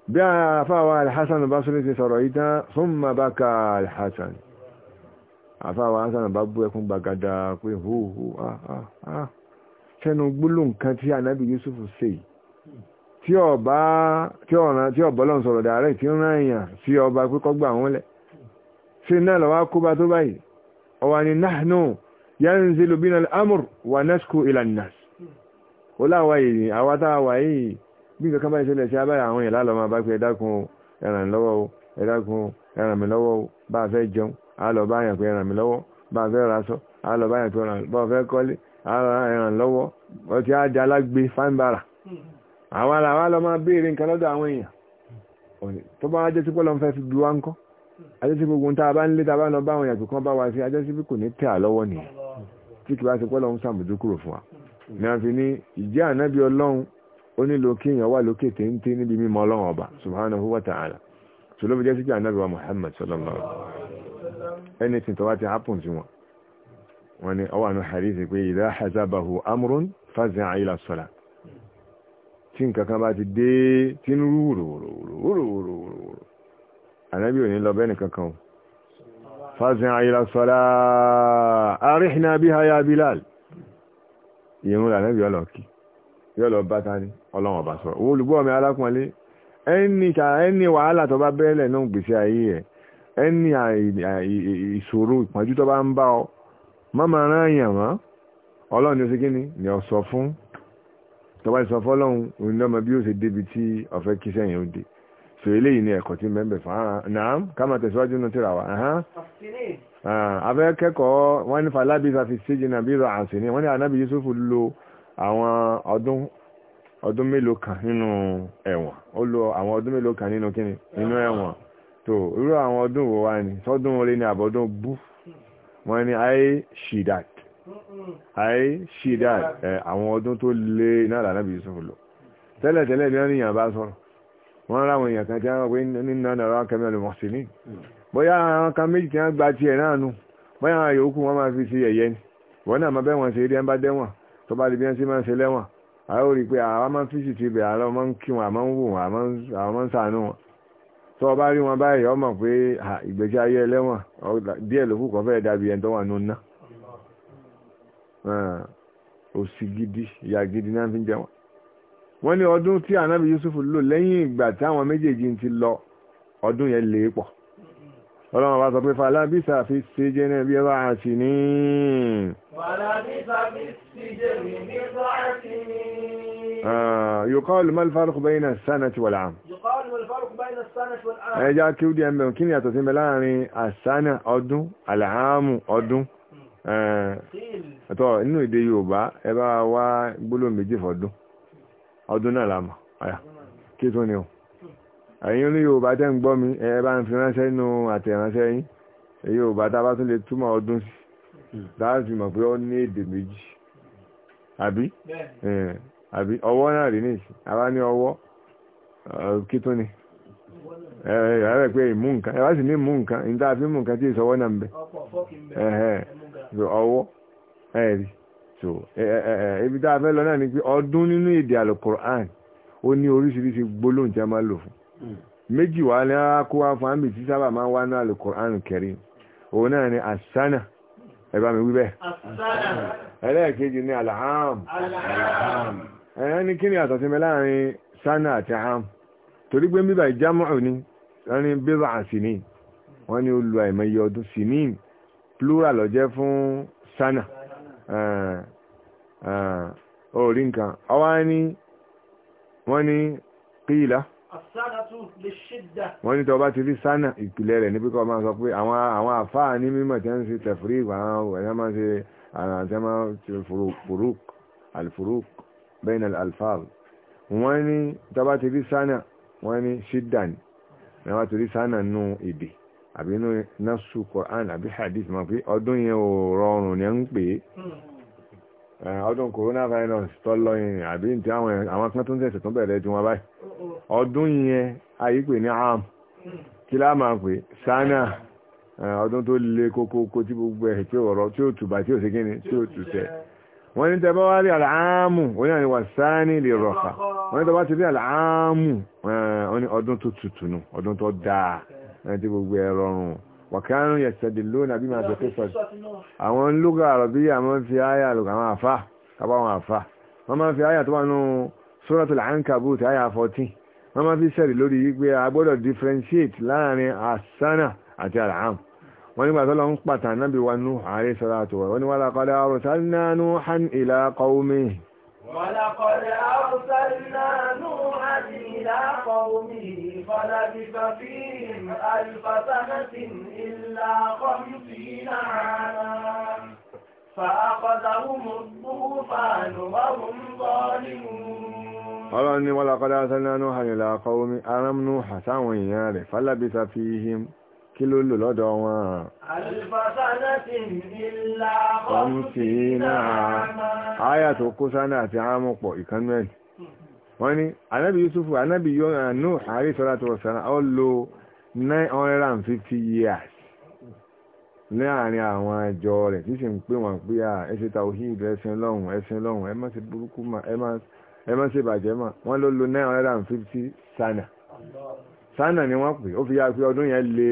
bí a fáwa alhassan al-basri ti sọ̀rọ̀ ìtàn thumma baka alhassan àfáwa hassan bá bú ẹkún gbagada pé hóhó ṣẹnu gbúlù nǹkan tí anábì yusuf ṣe tí ọba tí ọbọ́lọ́n sọ̀rọ̀ dàárẹ̀ tí ó rán èèyàn sí ọba pé kọ́gbà wọn lẹ̀ ṣe náà lọ́wọ́ kó bá tó báyìí ọwà ni nahnu yanzilu bina al-amr wa nashku ila an-nas ó láwàá yìí àwátá wà yìí bí kankan báyìí ṣẹlẹ̀ sí abáyà àwọn èèyàn lálọ́ máa bá pé ẹ̀dákun ẹ̀ràn mi lọ́wọ́ o ẹ̀dákun ẹ̀ràn mi lọ́wọ́ o bá a fẹ́ jẹun a lọ bá yàn pé ẹ̀ràn mi lọ́wọ́ bá a fẹ́ raṣọ a lọ bá yàn pé bá a fẹ́ kọ́lé a lọ ẹ̀ràn lọ́wọ́ ọtí á di alágbe fáńbàrà àwọn ará wa lọ máa béèrè nǹkan lọ́dọ̀ àwọn èèyàn tó bá wá jẹ́ sí pọ́lọ́ fẹ́ fi bí wá ń kọ́ ni a fi ní ìjẹ́ ó nílò kí èèyàn wà lókè téńté níbi mímọ̀ ọlọ́run ọba subhanahu wa ta'ala tó ló fi jẹ́ sí kí muhammad sallallahu anything tó wá ti happen sí wọn wọn ni ọwọ́ àánú harizi pé idha hazabahu amrun fazi'a ila sọ́la tí nǹkan kan bá ti dé tí ń rú wùrùwùrùwùrùwùrùwùrù ànábì ò lọ bẹ́ẹ̀ nìkan kan o fazi'a ila sọ́la arihna biha ya ìyẹn ń rà ànábì ọlọ́ọ̀kì yóò lọ bá ta ni ọlọ́run ọba sọ̀rọ̀ owó olùgbọ́ mi alákùnrin ẹni ta ẹni wàhálà tó bá bẹ́ẹ̀lẹ̀ náà gbèsè ayé ẹ̀ ẹni ìṣòro ìpọ́njú tó bá ń bá ọ má rán àyàn mọ́ ọlọ́run ni ó ṣe kí ni ni ọ sọ fún tó bá sọ fọ́lọ́run òun ní ọmọ bí ó ṣe débi tí ọ̀fẹ́ kí sẹ́yìn ó dé so eléyìí ni ẹ̀kọ́ tí mẹ́mbẹ̀ fún ara ah, náà ká máa tẹ̀síwájú nínú tíra wa afẹ́ ah, kẹ́kọ̀ọ́ wọ́n ní falábí sàfi síjì nàbí rọ̀ àṣìní wọ́n ní anábì Yusuf lo àwọn ọdún ọdún mélòó kan nínú ẹ̀wọ̀n ó lo àwọn ọdún mélòó kan nínú kíni nínú ẹ̀wọ̀n tó irú àwọn ọdún wo wá ni sọ́dún orí ni àbọ̀dún bú wọ́n ní ayé shidat ayé shidat àwọn ọdún tó lé iná lànàbí Yusuf lọ tẹ́lẹ̀tẹ́lẹ̀ bí wọ́n ní ìyàn bá sọ̀rọ̀ wọ́n ráwọn èèyàn kan tí wọ́n pé nínú ọ̀nà kẹmẹ́lì mọ̀sílì bóyá àwọn kan méjì tí wọ́n gba tiẹ̀ náà nu bóyá àwọn yòókù wọ́n máa fi ṣe ẹ̀yẹ ni wọ́n náà máa bẹ́ wọn ṣe eré ẹ̀ ń bá dẹ́wọ̀n tó bá di bí wọ́n ṣe máa ń ṣe lẹ́wọ̀n a ó rí i pé àwa máa ń fíṣì ti bẹ̀ àlọ́ máa ń kí wọn àmọ́ ń wò wọn àwọn máa ń sànú wọn tó o bá rí wọn báyìí ọmọ pé ìgbésí ayé ẹlẹ́wọ̀n díẹ̀ ló kù kọ́ fẹ́ẹ́ dàbí ẹni tó wà nù ná òsì gidi ìyà gidi náà fi ń jẹ wọn. wọ́n ní ọdún tí anabi Yusuf lò lẹ́yìn ìgbà táwọn méjèèjì ti lọ ọdún yẹn lè pọ̀ ọlọ́run bá sọ pé falábísà fi ṣe jẹ́ náà bí ẹ bá a sì ní يقال ما الفرق بين السنة والعام
يقال ما الفرق بين السنة والعام ẹjá
kí ó dí ẹmẹ kí ni yàtọ̀ sí láàrin àsánà ọdún àlàámù ọdún ẹ̀tọ́ inú èdè Yorùbá ẹ bá wá gbólò méjì fọ́dún ọdún náà lámà ọ̀yà kí tó ní o ẹ̀yin ní Yorùbá tẹ́ ń gbọ́ mi ẹ bá ń fi ránṣẹ́ nínú àtẹ̀ránṣẹ́ yín Yorùbá tá a bá tún lè túmọ̀ ọdún sí láàrin mọ̀ pé ó ní èdè méjì àbí àbí ọwọ́ náà rí nìsí àwa ní ọwọ́ kí tó ni pé ìmú nǹkan ẹ̀rọ sì ní ìmú nǹkan mú nǹkan tí náà ń bẹ ọwọ́ ẹ̀rí so ibi tá a fẹ́ lọ náà ni pé ọdún nínú èdè àlùkùránì ó ní oríṣiríṣi gbólóhùn tí a máa lò fún hmm. méjì wà ní arákó àmì tí sábà máa ń wá ní kẹrin òun náà ni ẹ̀bá mi wí bẹ́ẹ̀
ẹlẹ́ẹ̀kejì ni alaham
ẹ̀yán ní kí ni àtàtí mẹ́ láàrin sana àti ham torí pé bíbà ìjámọ̀ ni wọ́n ní bíbà àsìní wọ́n ní olùwà ìmọ̀ye ọdún sìní plural ló jẹ́ fún sana orí nǹkan ọwá ní wọ́n ní kíìlá wọ́n ní tọba ti rí sánà ìpìlẹ̀ rẹ̀ ní pípọ́ máa sọ pé àwọn àfáà ní mímọ̀ tí wọ́n ṣe tẹ̀fúrí àwọn ọ̀rẹ́ máa ṣe àwọn àti máa ṣe furuk alfuruk bẹ́ẹ̀ni alfáàl wọ́n ní tọba ti rí sánà wọ́n ní ṣídà ní wọ́n ti rí sánà nù èdè àbí nù nasu Qur'an àbí hadith máa pé ọdún yẹn ò rọrùn ní à ń pè é hmm ọdún coronavirus tó lọ yẹn àbí ntí àwọn kan tó ń tẹ̀sẹ̀ tó bẹ̀rẹ̀ ju wọn báyìí ọdún yẹn ayé pè ní am kí láà máa pè sánà ọdún tó le kókókó tí gbogbo ẹ̀ tí ọ̀rọ̀ tí ó tùbà tí ó ṣe kíni tí ó tù sẹ́ wọ́n ní tẹ́ bá wá rí àlàámù oní àní wà sáánì lè rọ̀fà wọ́n ní tẹ́ bá ti rí àlàámù ọdún tó tutù nù ọdún tó dáa ẹni tí gbogbo ẹ rọrùn wàkánú yẹ̀sẹ̀dì lónà bí máa tẹ̀kẹ́ sọ̀tì àwọn lóga àrọ̀bíyà máa ń fi àyà lògà àwọn àfà kábà àwọn àfà wọ́n máa ń fi àyà tó wà nù Suratul Ankabut àyà 14 wọ́n máa ń fi sẹ̀rì lórí wípé a gbọ́dọ̀ differentiate láàrin asana àti alham wọ́n nígbà tó lọ ń pàtà nábì wa nù àárẹ̀ sọ́ra àtọ̀wọ̀ wọ́n ní wà lákọ́lẹ́ arsalna
ألف سنة إلا
خمسين عاما فأخذهم الطوفان وهم ظالمون ọlọ́run
ni wọ́la kọ́dá sẹ́lẹ̀ núhà nílà qawmi aram núhà sáwọn èèyàn rẹ̀ fálábíta fi him kí ló lò lọ́dọ̀ wọn àyà tó kó sánà àti àmọ́pọ̀ ìkanú ẹ̀ wọ́n ni anábi Yusufu anábi yóò nù àrí sọ́lá tó sánà ọ lo nine hundred and fifty years ní àárín àwọn àjọ rẹ̀ tí sì ń pè wọ́n pé à ah, ẹ ṣe tawhid ẹ̀sìn lọ́hùn ẹ̀sìn lọ́hùn ẹ má ṣe burúkú mà ẹ má ṣe bàjẹ́ mà wọ́n ló lo nine hundred and fifty sana sana ni wọ́n pè ó fi yá pé ọdún yẹn lé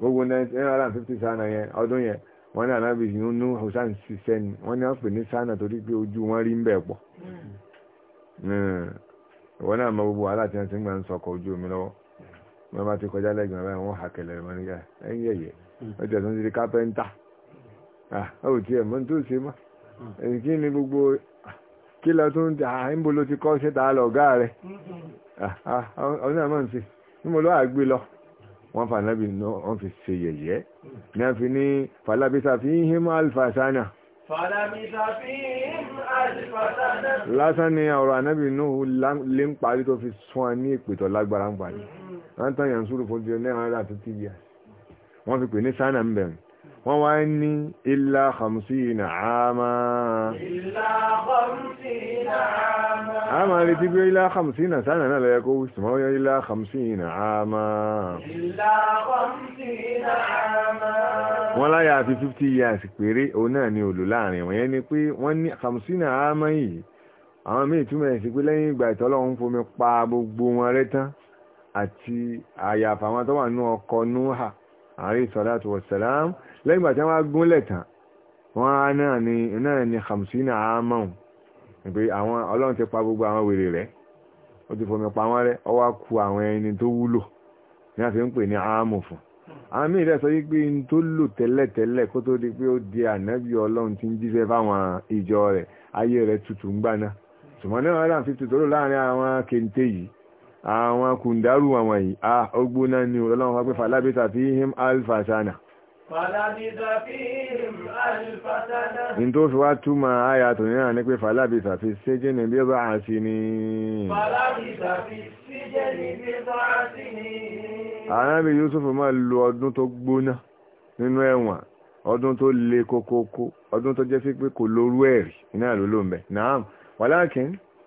gbogbo nine hundred and fifty sana yẹn ọdún yẹn wọ́n ní anábì nínú hussein ṣiṣẹ́ ni wọ́n ní wọ́n pè ní sana torí pé ojú wọn rí ń bẹ̀ pọ̀
hmm.
Hmm. ìwọ náà mọ gbogbo wàhálà tí wọ́n ti ń gbà ń sọkọ̀ ojú omi lọ́wọ́ wọ́n bá ti kọjá lẹ́gbẹ̀ẹ́ báyìí wọ́n hàkẹlẹ̀ rẹ̀ mọ́níjà ẹ̀yìn ẹ̀yẹ mm. ọjọ́ tó ń ti di kápẹ́ńtà ó ah, ti ẹ̀ mọ́ tó ṣe mọ́ mm. ẹ̀yìn kí ni gbogbo ah, kí lọ tó ah, ń tẹ àìmbò ló ti kọ́ ṣe tàá lọ ọ̀gá rẹ̀ mm-hmm. ọ̀nà àmọ́ ń ṣe níbo ló àgbé lọ wọ́n fà náà bí fi ṣe yẹ̀yẹ́ mm. ní a fi ní falabisa fi ń him alfasana lásán ni ọ̀rọ̀ ànábì inú lé ń parí tó fi sún ní ìpètọ̀ lágbára ń parí antan yansuru for the nine hundred and fifty years wọ́n fi pè ní sánà ń bẹ̀rẹ̀ wọ́n wá ní ilá hamsina àmà àmà retí pé ilá hamsina sánà náà lọ́yẹ kó sùmọ́ yọ ilá hamsina àmà wọ́n láyà àti 50 years péré òun náà ni òlò láàrin wọ́n yẹn ni pé wọ́n ní hamsina àmà yìí àwọn míì túmọ̀ sí pé lẹ́yìn ìgbà ìtọ́lọ́run fomi pa gbogbo wọn rẹ́ tán àti àyàfà àwọn tó wà nínú ọkọ̀ núhà alayhi salatu wassalam lẹ́yìn ìgbà tí wọ́n gúnlẹ̀ tán wọ́n á náà ní náà ní hamsina amọ́n pé àwọn ọlọ́run ti pa gbogbo àwọn wèrè rẹ̀ ó ti fomi pa wọ́n rẹ̀ ó wá ku àwọn ẹni tó wúlò ní a fi ń pè ní àmù fún àmì ìrẹ́ sọ yí pé n tó lò tẹ́lẹ̀tẹ́lẹ̀ kó tó di pé ó di ànábì ọlọ́run tí ń jíṣẹ́ fáwọn ìjọ rẹ̀ ayé rẹ̀ tutù ń gbaná ṣùgbọ́n náà rẹ̀ àfi tutù lò láàrin àwọn kente yìí àwọn kùndàrú àwọn yìí a ogbóná ni ọlọ́run wá pé falábítà fi him alfasana in tó fi wá túmọ̀ àyà tó ní àní pé falábítà fi séjé ní bíbá àti ní àrábí Yusuf máa lo ọdún tó gbóná nínú ẹ̀wọ̀n ọdún tó le kókókó ọdún tó jẹ́ sí pé kò lórú ẹ̀rí iná ló ló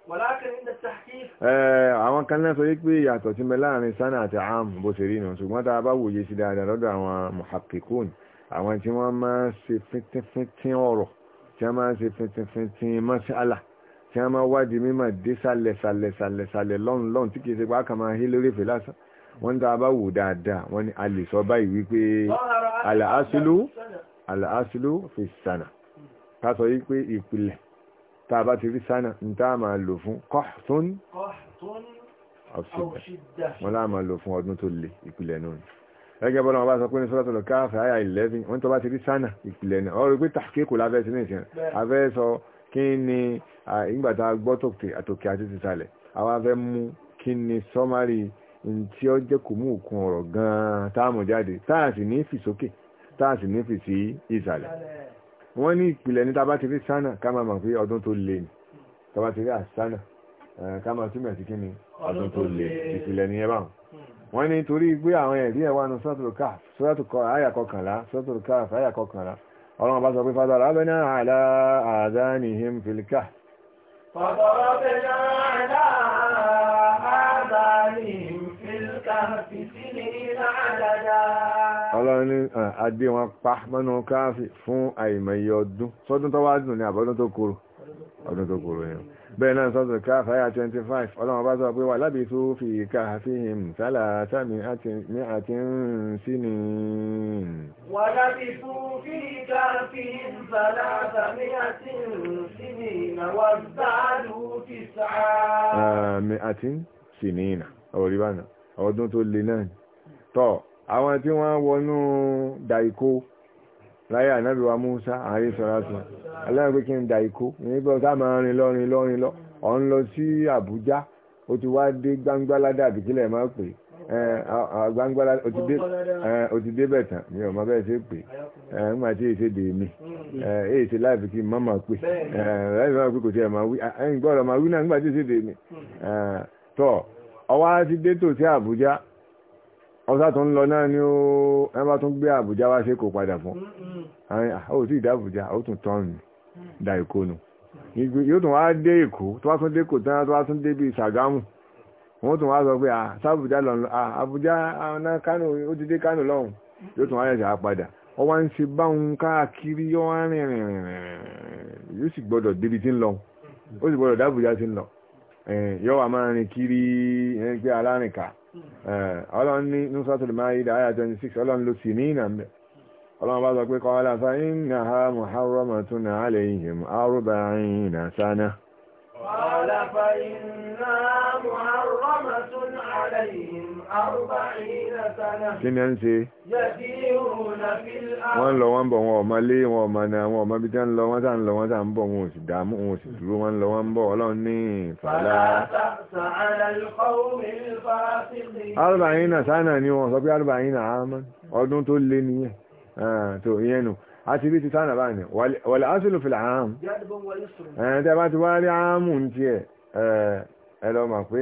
àwọn
kan náà sọ wípé ìyàtọ̀ tí mẹ láàrin sánà àti am bó ṣe rí nù ṣùgbọ́n tá a bá wòye sí dáadáa lọ́dọ̀ àwọn muhakkikun àwọn tí wọ́n máa ń ṣe fíntífíntín ọ̀rọ̀ tí wọ́n máa ń ṣe fíntífíntín mọ́ṣálà tí wọ́n máa wádìí mímọ̀ dé sálẹ̀ tí kìí ṣe pé àkàmà hí lásán wọ́n tá a bá ti rí sánà ní tá a máa lò fún kọ́tún ọ̀ṣìdà wọn láà máa lò fún ọdún tó le ìpìlẹ̀ náà ni ẹgbẹ́ bọ́lá wọn bá sọ pé ní suratul Kahf àyà 11 wọn tó bá ti rí sánà ìpìlẹ̀ náà ọ̀rọ̀ pé tàkíkù lábẹ́ sí nìsín abẹ́ sọ kí ni ìgbàta gbọ́ tòkè àti tìsàlẹ̀ àwọn afẹ́ mú kí ni sọ́márì tí ó jẹ́ kò mú òkun ọ̀rọ̀ gan-an táàmù jáde táà sì ní fì sókè táà sì ní fì ìsàlẹ̀ wọ́n ní ìpìlẹ̀ ní tábà ti rí sánà ká máa mọ̀ pé ọdún tó lé ni tábà ti rí àsánà ká máa túmọ̀ sí kí ni ọdún tó lé ìpìlẹ̀ nìyẹn báwọn. Hmm. wọ́n ní torí pé àwọn ẹ̀rí ẹ̀ wà nù sọ́tò káf sọ́tò kọ àyà kọkànlá sọ́tò káf àyà kọkànlá ọlọ́run bá sọ pé fadà rábẹ́ náà àlá àdánihim fìlíkà. fadà rábẹ́ náà àlá àdánihim ọlọ́run ní adé wọn pa mọ́nú káàfì fún àìmọye ọdún sọ́dún tó wá dùn ní àbọ́dún tó kúrò ọdún tó kúrò yẹn bẹ́ẹ̀ náà sọ́dún káàfì àyà 25 ọlọ́run bá sọ pé wà lábì tó fi káàfihìm sálàtà mi àti ń sí ni. wà
lábì tó fi káàfihìm sálàtà mi àti ń sí ni ìnáwó dáàlú
àti ń sì ní ọdún tó le náà tọ́ àwọn tí wọ́n wọnú dàíkó láyé ànábì wa Musa àárí sọ́rásọ́ aláàgbé kí n dàíkó nígbà ọ̀tá máa rìn lọ́rin lọ́rin lọ ọ̀ ń lọ sí Àbújá ó ti wá dé gbangbalada àbíkílẹ̀ máa pè gbangbala ó ti dé bẹ̀tàn mi ò mọ bẹ́ẹ̀ ṣe pè nígbà tí èsè dè mí èsè láìpẹ́ kí mọ́ máa pè láìpẹ́ máa pè kò tiẹ̀ máa wí ẹ̀yìn gbọ́dọ̀ máa wí náà nígbà tí èsè dè mí tọ́ ọwọ́ á ti dé tòsí Àbújá ọ̀sá tó ń lọ náà ni ó ẹn bá tún gbé àbújá wá ṣe kò padà fún ó sì dá àbújá ó tún tán ní mm. dá èkó nu yóò tún wá dé èkó tó wá tún dé kò tán tó wá tún dé bíi Ṣàgámù wọ́n tún wá sọ pé sábùjá lọ́nà àbújá ọ̀nà Kánò ó ti dé Kánò lọ́hùn yóò tún wá yẹ̀ ṣàá padà wọ́n wá ń ṣe báwọn káàkiri yóò wá rìnrìnrìn yóò sì gbọ́dọ̀ débi tí ń lọ ó sì gbọ́dọ̀ dábùjá tí ń lọ Eh, yóò wà máa rìn kiri ẹni pé alárìnká hmm. eh, ọlọ́run ní nusratul maida àyà 26 ọlọ́run ló sì ní ìnà mbẹ́ ọlọ́run bá sọ pé qala fa innaha muharramatun alayhim arba'ina sana.
qala fa innaha kí ni a ń ṣe wọ́n ń lọ wọ́n ń bọ̀ wọn
ọ̀mọ lé wọn ọ̀mọ náà wọn ọ̀mọ bí tí wọ́n lọ wọ́n sàn lọ wọ́n sàn bọ̀ wọn ò sì dààmú wọn ò sì dúró wọ́n ń lọ wọ́n ń bọ̀ ọlọ́run ní ìfàlà. alùbáyìn náà sáànà ni wọn sọ pé alùbáyìn náà á ọdún tó lé nìyẹn tó ìyẹn nù àti bí ti sáànà báyìí ni wọ̀lẹ̀ asìlù fìlà àmù ẹ̀ tẹ́ bá ti wá rí àmù ní tiẹ̀ ẹ lọ mọ̀ pé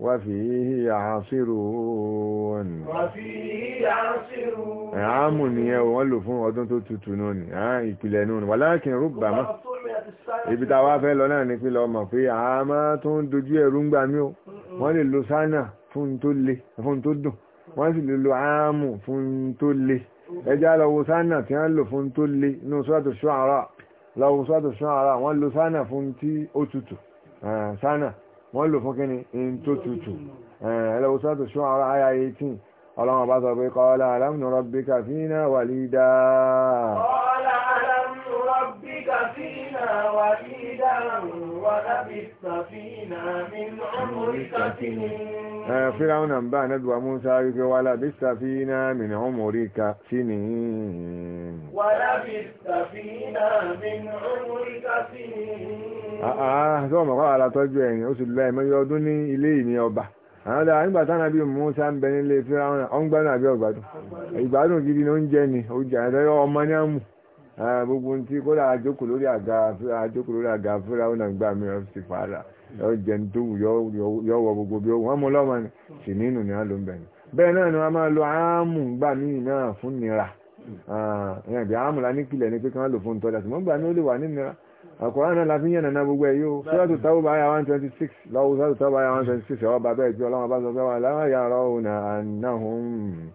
وفيه يعصرون
وفيه يعصرون عام نيه wọ́n
lò fún ọdún tó tutù náà ni ah ìpìlẹ̀ náà ni walakin rubbama ibi tá wá fẹ́ lọ náà ni pé lọ mọ̀ pé a máa tún dojú ẹ̀rú ń gbà mí o wọ́n lè lo sánà fún tó le fún tó dùn wọ́n sì lè lo áàmù fún tó le ẹjá lọ wo sánà tí wọ́n lò fún tó le inú sọ́ọ̀tù ṣọ́ àrà lọ wo sọ́ọ̀tù ṣọ́ àrà wọ́n lo sánà fún tí ó tutù sánà wọ́n lò fún kíni in tó tutù eh, ẹlẹ́wọ̀n sọ́tò ṣọ́ ara àyà 18 ọlọ́run ọba sọ pé kọ́ọ́lá alámùnú rọ́bí kàfínà wà lídà
kọ́ọ́lá alámùnú rọ́bí kàfínà wà lídà
Fíráwọn náà bá ànẹ́bí wa Músa wípé wà lábí sàfíìnà min umurika sí ni. Wà
lábí sàfíìnà min umurika sí ni. Àà tó
mọ̀kọ́ àlàtọ́jú ẹ̀yìn, ó sì lọ ẹ̀mọ́ yọ ọdún ní ilé ìní ọba. Àwọn ọ̀dà nígbà tánà bí Músa ń bẹ nílé Fíráwọn náà, ọ ń gbádùn àbí ọ̀gbádùn. Ìgbádùn gidi ni oúnjẹ ni, oúnjẹ àyẹ̀dẹ́yọ ọmọ ní àmù. Ah, gbogbo ohun tí kódà àjókòó lórí àga àjókòó lórí àga fúra ó nà gbà mí ọ̀sì fàálà yọ jẹun tó wù yọ wọ gbogbo bí wọ́n mú lọ́mọ ni sì nínú ni wọ́n ló ń bẹ̀ ni bẹ́ẹ̀ náà ni wọ́n máa lo áàmù gbà mí náà fún nira ah, ìrìnàbí áàmù la nípìnlẹ̀ ni pé kí wọ́n lò fún tọ́jà ṣùgbọ́n gbà mí ó lè wà ní nira àkùrá náà la fi yànnà náà gbogbo ẹ̀ yóò sọ́dọ̀ tó bá yà 126 lọ́wọ́ sọ́dọ̀ tó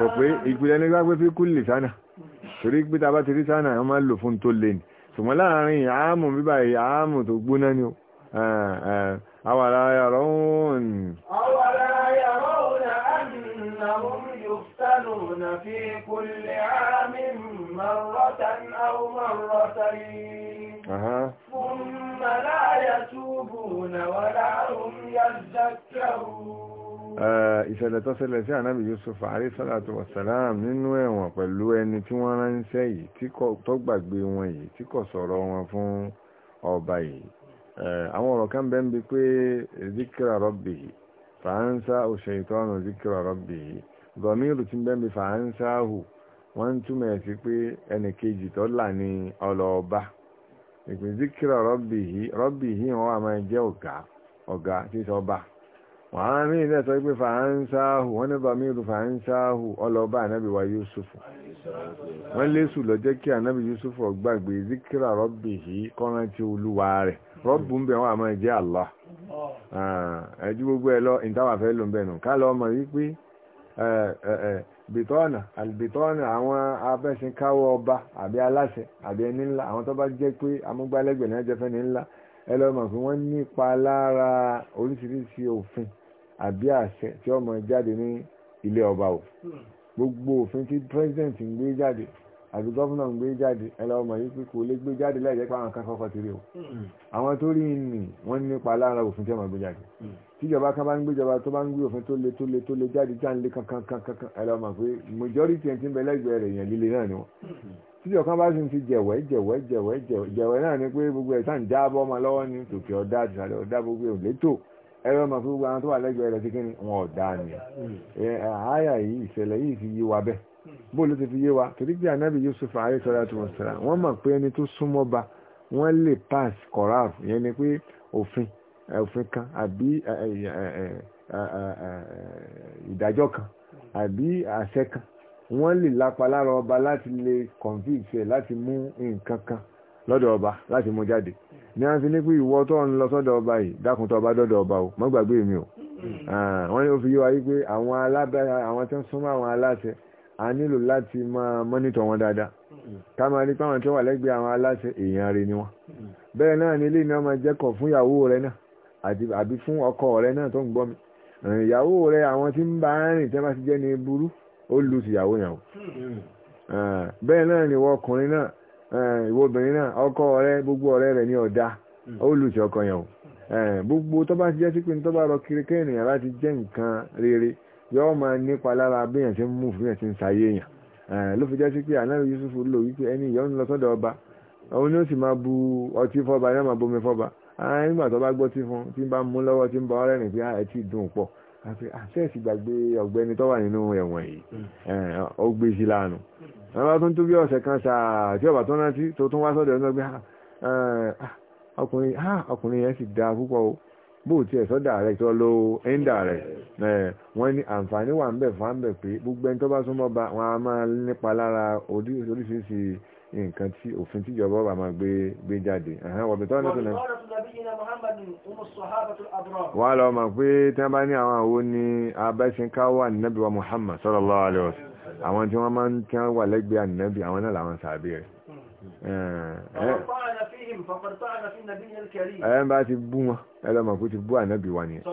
kò pé ìpìlẹ̀ ní gbágbé fi kú lè sánà torí pé tàbá ti rí sánà wọ́n máa ń lò fún tó lè ní ṣùgbọ́n láàrin àámù bíbà àámù tó gbóná ni ó àwàrà yàrá òun
àwàrà yàrá òun àmìnàmù يفتنون في كل عام مرة أو مرتين ثم لا يتوبون ولا هم
Eh, ìṣẹ̀lẹ̀ tó ṣẹlẹ̀ sí ànábì Yusuf alayhi salatu nínú ẹ̀wọ̀n pẹ̀lú ẹni tí wọ́n ránṣẹ́ yìí tó gbàgbé wọn yìí tí kò sọ̀rọ̀ wọn fún ọba yìí eh, àwọn ọ̀rọ̀ kan bẹ́ẹ̀ ń bi pé zikra rabbi fàánsá òṣèìtọ́nù ti bẹ́ẹ̀ ń bi fàánsá hù wọ́n sí pé ẹnì kejì tó là ní ọlọ́ọba ìpè zikra rabbi yìí rabbi yìí wọ́n wọ́n mí ilẹ̀ sọ pé fàánsáhù wọ́n ní bá mírù fàánsáhù ọlọ́ba ànábì wa Yusufu wọ́n lésù lọ jẹ́ kí ànábì Yusufu ọgbàgbé zikira rọ́bì yìí kọ́ran tí olúwa rẹ̀ rọ́bù ń bẹ̀ wọ́n àmọ́ ẹ̀jẹ̀ Allah ah, ẹ̀jú gbogbo ẹ̀ lọ ìtawà fẹ́ ló ń bẹ̀ nù ká lọ mọ̀ wípé bìtọ́ọ̀nà àlùbìtọ́ọ̀nà àwọn abẹ́sìnkáwọ́ ọba àbí aláṣẹ àbí ẹni ńlá àwọn tó bá jẹ́ pé amúgbálẹ́gbẹ̀ẹ́ náà jẹ́ fẹ́ni ńlá ẹ lọ mọ̀ pé wọ́n nípa lára oríṣiríṣi òfin àbí àṣẹ tí ọmọ jáde ní ilé ọba o gbogbo òfin tí president ń gbé jáde àbí gọ́vùnà ń gbé jáde ẹlọ́mọ yìí pé kò lè gbé jáde láì jẹ́ pé àwọn kan kọ́kọ́ ti rí o hmm. àwọn tó rí ni wọ́n nípa lára òfin tí ọmọ gbé jáde hmm. tíjọba kan bá ń gbéjọba tó bá ń gbé òfin tó le tó le tó le jáde jáde kankan kankan ẹlọ́mọ pé majority ẹni tí ń bẹ lẹ́gbẹ̀ẹ́ rẹ̀ èèyàn líle náà ni wọ́n hmm. tíjọ kan bá sì ń fi jẹ̀wẹ́ jẹ̀wẹ́ jẹ̀wẹ́ jẹ̀wẹ́ náà ni pé gbogbo ẹ̀ sáà ń já bọ́ ẹ̀rọ mọ̀ fún gbogbo àwọn tó wà lẹ́gbẹ̀ẹ́ rẹ̀ sí kíni wọn ò dáa ni àyà yìí ìṣẹ̀lẹ̀ yìí fi yé wa bẹ́ẹ̀ bó ló ti fi yé wa torí pé ànábì Yusuf alayhi salatu wassalam wọ́n mọ̀ pé ẹni tó súnmọ́ ba wọ́n lè pass koraf yẹn ni pé òfin òfin kan àbí ìdájọ́ kan àbí àṣẹ kan wọ́n lè lápa lára ọba láti lè convict ẹ̀ láti mú nǹkan kan lọ́dọ̀ ọba láti mú jáde ní a ń fi ní pé ìwọ tó ń lọ sọ́dọ̀ ọba yìí dákun tó ọba dọ́dọ̀ ọba o mọ́ gbàgbé mi o mm. ah, wọ́n ní ó fi yé wa yí pé àwọn alábẹ́ra àwọn tó ń súnmọ́ àwọn aláṣẹ a nílò láti máa mọ́nítọ̀ wọn dáadáa mm. ká máa rí páwọn tó wà lẹ́gbẹ̀ẹ́ àwọn aláṣẹ èèyàn rẹ̀ ni wọ́n mm. bẹ́ẹ̀ náà ni ilé náà máa jẹ́kọ̀ fún ìyàwó rẹ náà àbí fún ọkọ rẹ náà tó ń gbọ́ mi eh, ìyàwó rẹ àwọn tí ń bá rìn tẹ́ bá ti jẹ́ ni burú ó lu tìyàwó yàn o ah, bẹ́ẹ̀ náà ni wọ́n ọkùnrin náà Eh, ìwọ obìnrin náà ọkọ ọ̀rẹ́ gbogbo ọ̀rẹ́ rẹ̀ ní ọ̀dá olùsí hmm. ọkọ yẹn o eh, gbogbo tó bá ti jẹ́ sí pé tó bá rọ kiri kéèyàn láti jẹ́ nǹkan rere yóò máa nípa lára béèyàn ti ń mú fún yẹn ti ń sayé èèyàn eh, ló fi jẹ́ sí pé ànábì Yusuf lò wípé ẹni ìyọ́ ń lọ sọ́dọ̀ ọba òun ni ó sì máa bu ọtí fọba náà máa bomi fọba ah, nígbà tó bá gbọ́ tí fún tí ń bá mú lọ́wọ́ tí ń bá ọ̀rẹ́ rìn pé ah, ẹ ti dùn pọ̀ àti àṣẹ́ẹ̀sì ah, gbàgbé ọ̀gbẹ́ni tó wà nínú ẹ̀wọ̀n yìí hmm. ó gbé sí láàánú àwọn tó ń tó bí ọ̀sẹ̀ kan ṣáà tí ọ̀bà tó rántí tó tún wá sọ́dọ̀ ẹ̀sọ́ pé ah, ah, ọkùnrin ah, ọkùnrin yẹn sì da púpọ̀ o bó tiẹ̀ sọ direct ọ lo indirect wọ́n ní àǹfààní wà ń bẹ̀ fún àǹbẹ̀ pé gbogbo ẹni tó bá súnmọ́ ba wọn a máa nípa lára oríṣiríṣi nǹkan tí òfin tíjọba ọba máa gbé gbé jáde wọ̀bí tọ́ ní tọ́nà wà lọ́ọ́ mọ̀ pé tí wọ́n bá ní àwọn àwo ni abẹ́sìnká wà ní wa Muhammad sallallahu alaihi wasallam àwọn tí wọ́n máa ń tí wọ́n wà lẹ́gbẹ̀ẹ́ ànìyànbí àwọn náà làwọn sàábé rẹ̀ ẹ̀yẹn bá ti bú wọn ẹlọ́mọ̀kú ti bú ànábì wa nìyẹn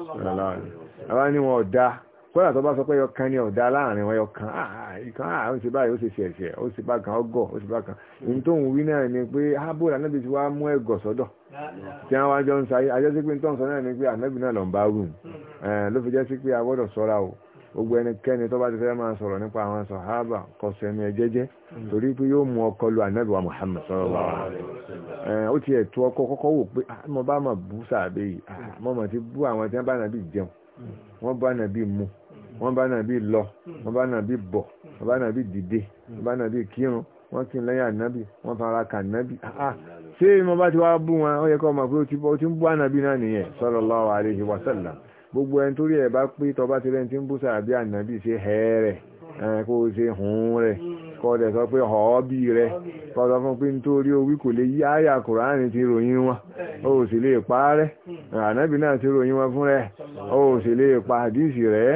àwọn ni wọn ọ̀dá kọ́lá tó bá sọ pé ọkàn ni ọ̀dá láàrin wọn ọkàn ah, ah, ìkan àà ah, ó sì báyìí ó sì ṣe ẹ̀ṣẹ̀ ó sì bá kan ọgọ́ ó sì bá kan ní tó ń wí náà ni pé ábò ànábì ti wá mú ẹ̀gọ̀ sọ́dọ̀ tí wọ́n wá jọ ń sáyé ajọ́sí pé ń tọ́ ń sọ náà ni pé ànábì náà lọ́n bá wù hmm. ló fi jẹ́ sí pé a gbọ́dọ̀ sọ́ra o gbogbo ẹnikẹ́ni tó bá ti fẹ́ máa sọ̀rọ̀ nípa àwọn sàhábà kó sẹ́nu ẹ̀ jẹ́jẹ́ hmm. torí pé yóò mú ọkọ lu ànábì wa Muhammad sallallahu alaihi wasallam hmm. ó ti ẹ̀tọ́ ọkọ kọ́kọ́ wò pé ah, mo bá mà bú sàbẹ̀ yìí ah, hmm. mo mà ti bú àwọn tí wọ́n bá nàbí jẹun wọ́n bá nàbí mu wọ́n bá nàbí lọ wọ́n bá bọ̀ wọ́n bá dìde wọ́n bá kírun wọ́n kí n lẹ́yìn ànábì wọ́n fara kà ànábì ah, ṣé mo bá ti wá bú wọn ó yẹ kó mọ̀ pé ó ti bú ànábì náà nìyẹn sallallahu alaihi wasallam gbogbo ẹni torí ẹ̀ bá pé tọba ti rẹ́ni tí ń bú sàbí ànábì ṣe hẹ́ rẹ̀ kó o ṣe hùn rẹ̀ kọ́ ọ̀dẹ̀ sọ pé ọ̀ọ́bì rẹ̀ kọ́ ọ sọ fún pé nítorí owí kò lè yí àyà kùránì ti ròyìn wọn o sì lè pa rẹ̀ ànábì náà ti ròyìn wọn fún o sì pa àdìsí rẹ̀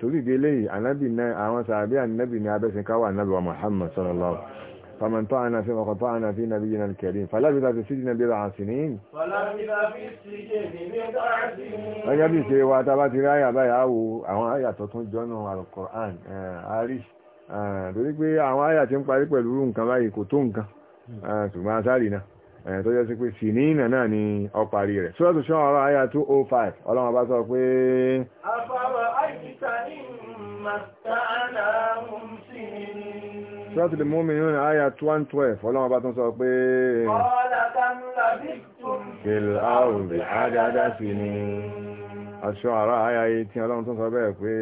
torí ìdílé yìí ànábì náà àwọn sàbí ànábì ní abẹ́sìnkáwà ànábì wa Muhammad sallallahu alaihi wa sallam فمن طعن في وقد طعن في نبينا الكريم فلبث في السجن بضع سنين
فلبث في السجن بضع سنين gẹ́gẹ́ bí ṣe
wa tá a bá ti rí àyà báyìí á wo àwọn àyà tó tún jọ́nà alukoran àárí torí pé àwọn àyà ti ń parí pẹ̀lú nǹkan báyìí kò tó nǹkan ṣùgbọ́n asárì náà tó jẹ́ sí pé sinina náà ni ọparí rẹ̀ Suratu Shu'ara àyà 205 ọlọ́run bá sọ pé.
afárá àìsíta ní màtánà mùsùlùmí sọ́tù lè mú
mi nínú àyà 112 ọlọ́run bá tún sọ pé
fìlàáwùdì àdáadá sí ni
aṣọ àrá àyà yìí tí ọlọ́run tún sọ bẹ́ẹ̀ pé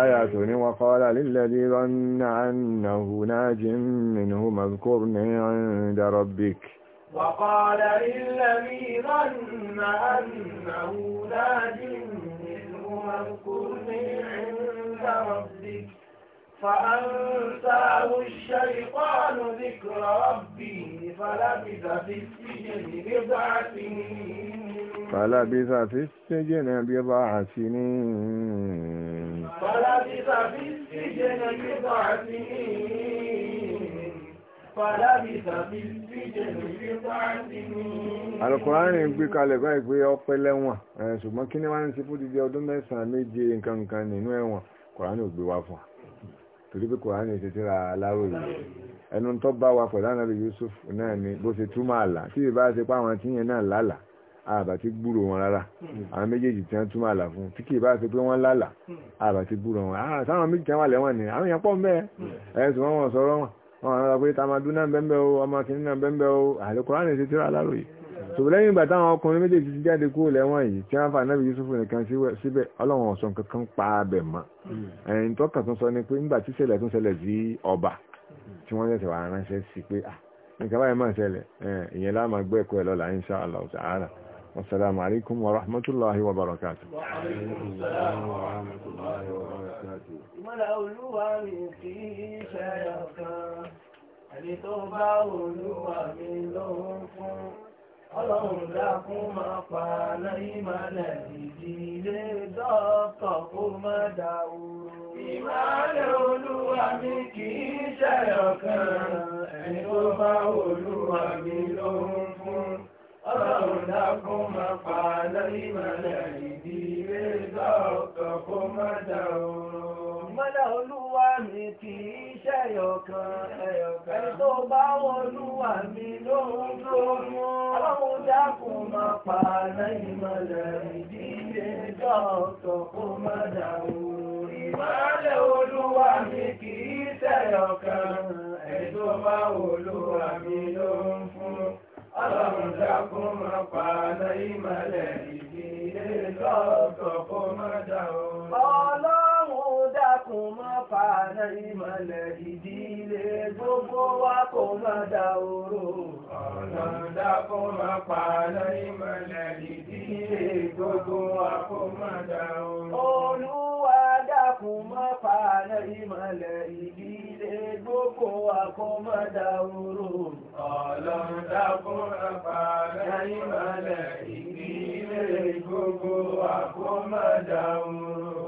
آية وقال للذي ظن أنه ناج منه اذكرني عند ربك
وقال للذي ظن
أنه ناج
منهما اذكرني عند ربك فأنساه الشيطان ذكر ربي فلبث في السجن بضع سنين
فلبث في السجن بضع سنين
فلبث في السجن بضع سنين alukùránì ń gbé
kalẹ̀ báyìí pé ọpẹ́ lẹ́wọ̀n ṣùgbọ́n kí ni wọ́n ń ṣe fún dídí ọdún mẹ́sàn-án méje nǹkan nǹkan nínú ẹ̀wọ̀n kùránì ò gbé wá fún wa torí pé kùránì ti tíra aláròyé ẹnu tó bá wa pẹ̀lú ànábì Yusuf náà ni bó ṣe túmọ̀ àlà tí ìbá ṣe pa àwọn tíyẹn náà lálàá àbá ti gbúrò wọn rárá àwọn méjèèjì tí wọ́n túmọ̀ àlà fún tí kì í bá ṣe pé wọ́n lálàá àbá ti gbúrò wọn àwọn ah, méjèèjì tí wọ́n wà lẹ́wọ̀n ni àwọn èèyàn pọ̀ mẹ́ẹ̀ ẹ̀sùn wọn wọn sọ̀rọ̀ wọn wọn àwọn pé tamadu náà bẹ́ẹ̀ o ọmọ kìnìún náà o àlùkùránì ní ti tíra aláròyé ṣùgbọ́n lẹ́yìn ìgbà táwọn ọkùnrin méjèèjì ti jáde kúrò lẹ́wọ̀n yìí tí wọ́n fà nábì Yusufu nìkan síbẹ̀ ọlọ́run ọ̀sán kankan pa abẹ̀ mọ́ ẹ̀yìn tó kàn tún sọ ni pé nígbà tí ṣẹlẹ̀ tún ṣẹlẹ̀ sí ọba tí wọ́n ṣẹ̀ṣẹ̀ wà ránṣẹ́ sí pé ah, nǹkan báyìí máa ṣẹlẹ̀ ìyẹn láà máa gbé ẹ̀kọ́ ẹ̀ والسلام عليكم ورحمة الله وبركاته
وعليكم السلام ورحمة الله وبركاته ملأولوها من
فيه شيخا ẹni tó bá olúwa mi lóhun fún ọlọ́run dákún máa pa lẹ́yìn ìmọ̀lẹ̀ ìdílé dọ́tọ̀ kó má dà oòrùn. ìmọ̀lẹ̀ olúwa mi kì í ṣẹ̀yọ̀ kan ẹni tó bá olúwa mi lóhun ọlọ́ọ̀dàkùn máa pa lẹ́yìnmọ̀lẹ́ ìdílé lọ́ọ̀kọ̀kọ́ máa dà oòrùn. Mọ́lá olúwa mi kì í ṣẹ̀yọ̀kan ẹ̀yọ̀kan. Ẹni tó bá wọn olúwa mi lóhun ló mú. Ọlọ́ọ̀dàkùn máa pa lẹ́yìnmọ̀lẹ́ fún ọlọ́run dákun máa pa aláìmọ̀lẹ̀ ìdílé lọ́tọ̀ kó má dà ó dákun mọ́ fàánà ìmọ̀lẹ̀ ìdílé gbogbo wa kò má da oró. ọ̀nà dákun mọ́ fàánà ìmọ̀lẹ̀ ìdílé gbogbo wa kò má da oró. olúwa dákun mọ́ fàánà ìmọ̀lẹ̀ ìdílé gbogbo wa kò má da oró. ọ̀nà dákun mọ́ fàánà ìmọ̀lẹ̀ ìdílé gbogbo wa kò má da oró.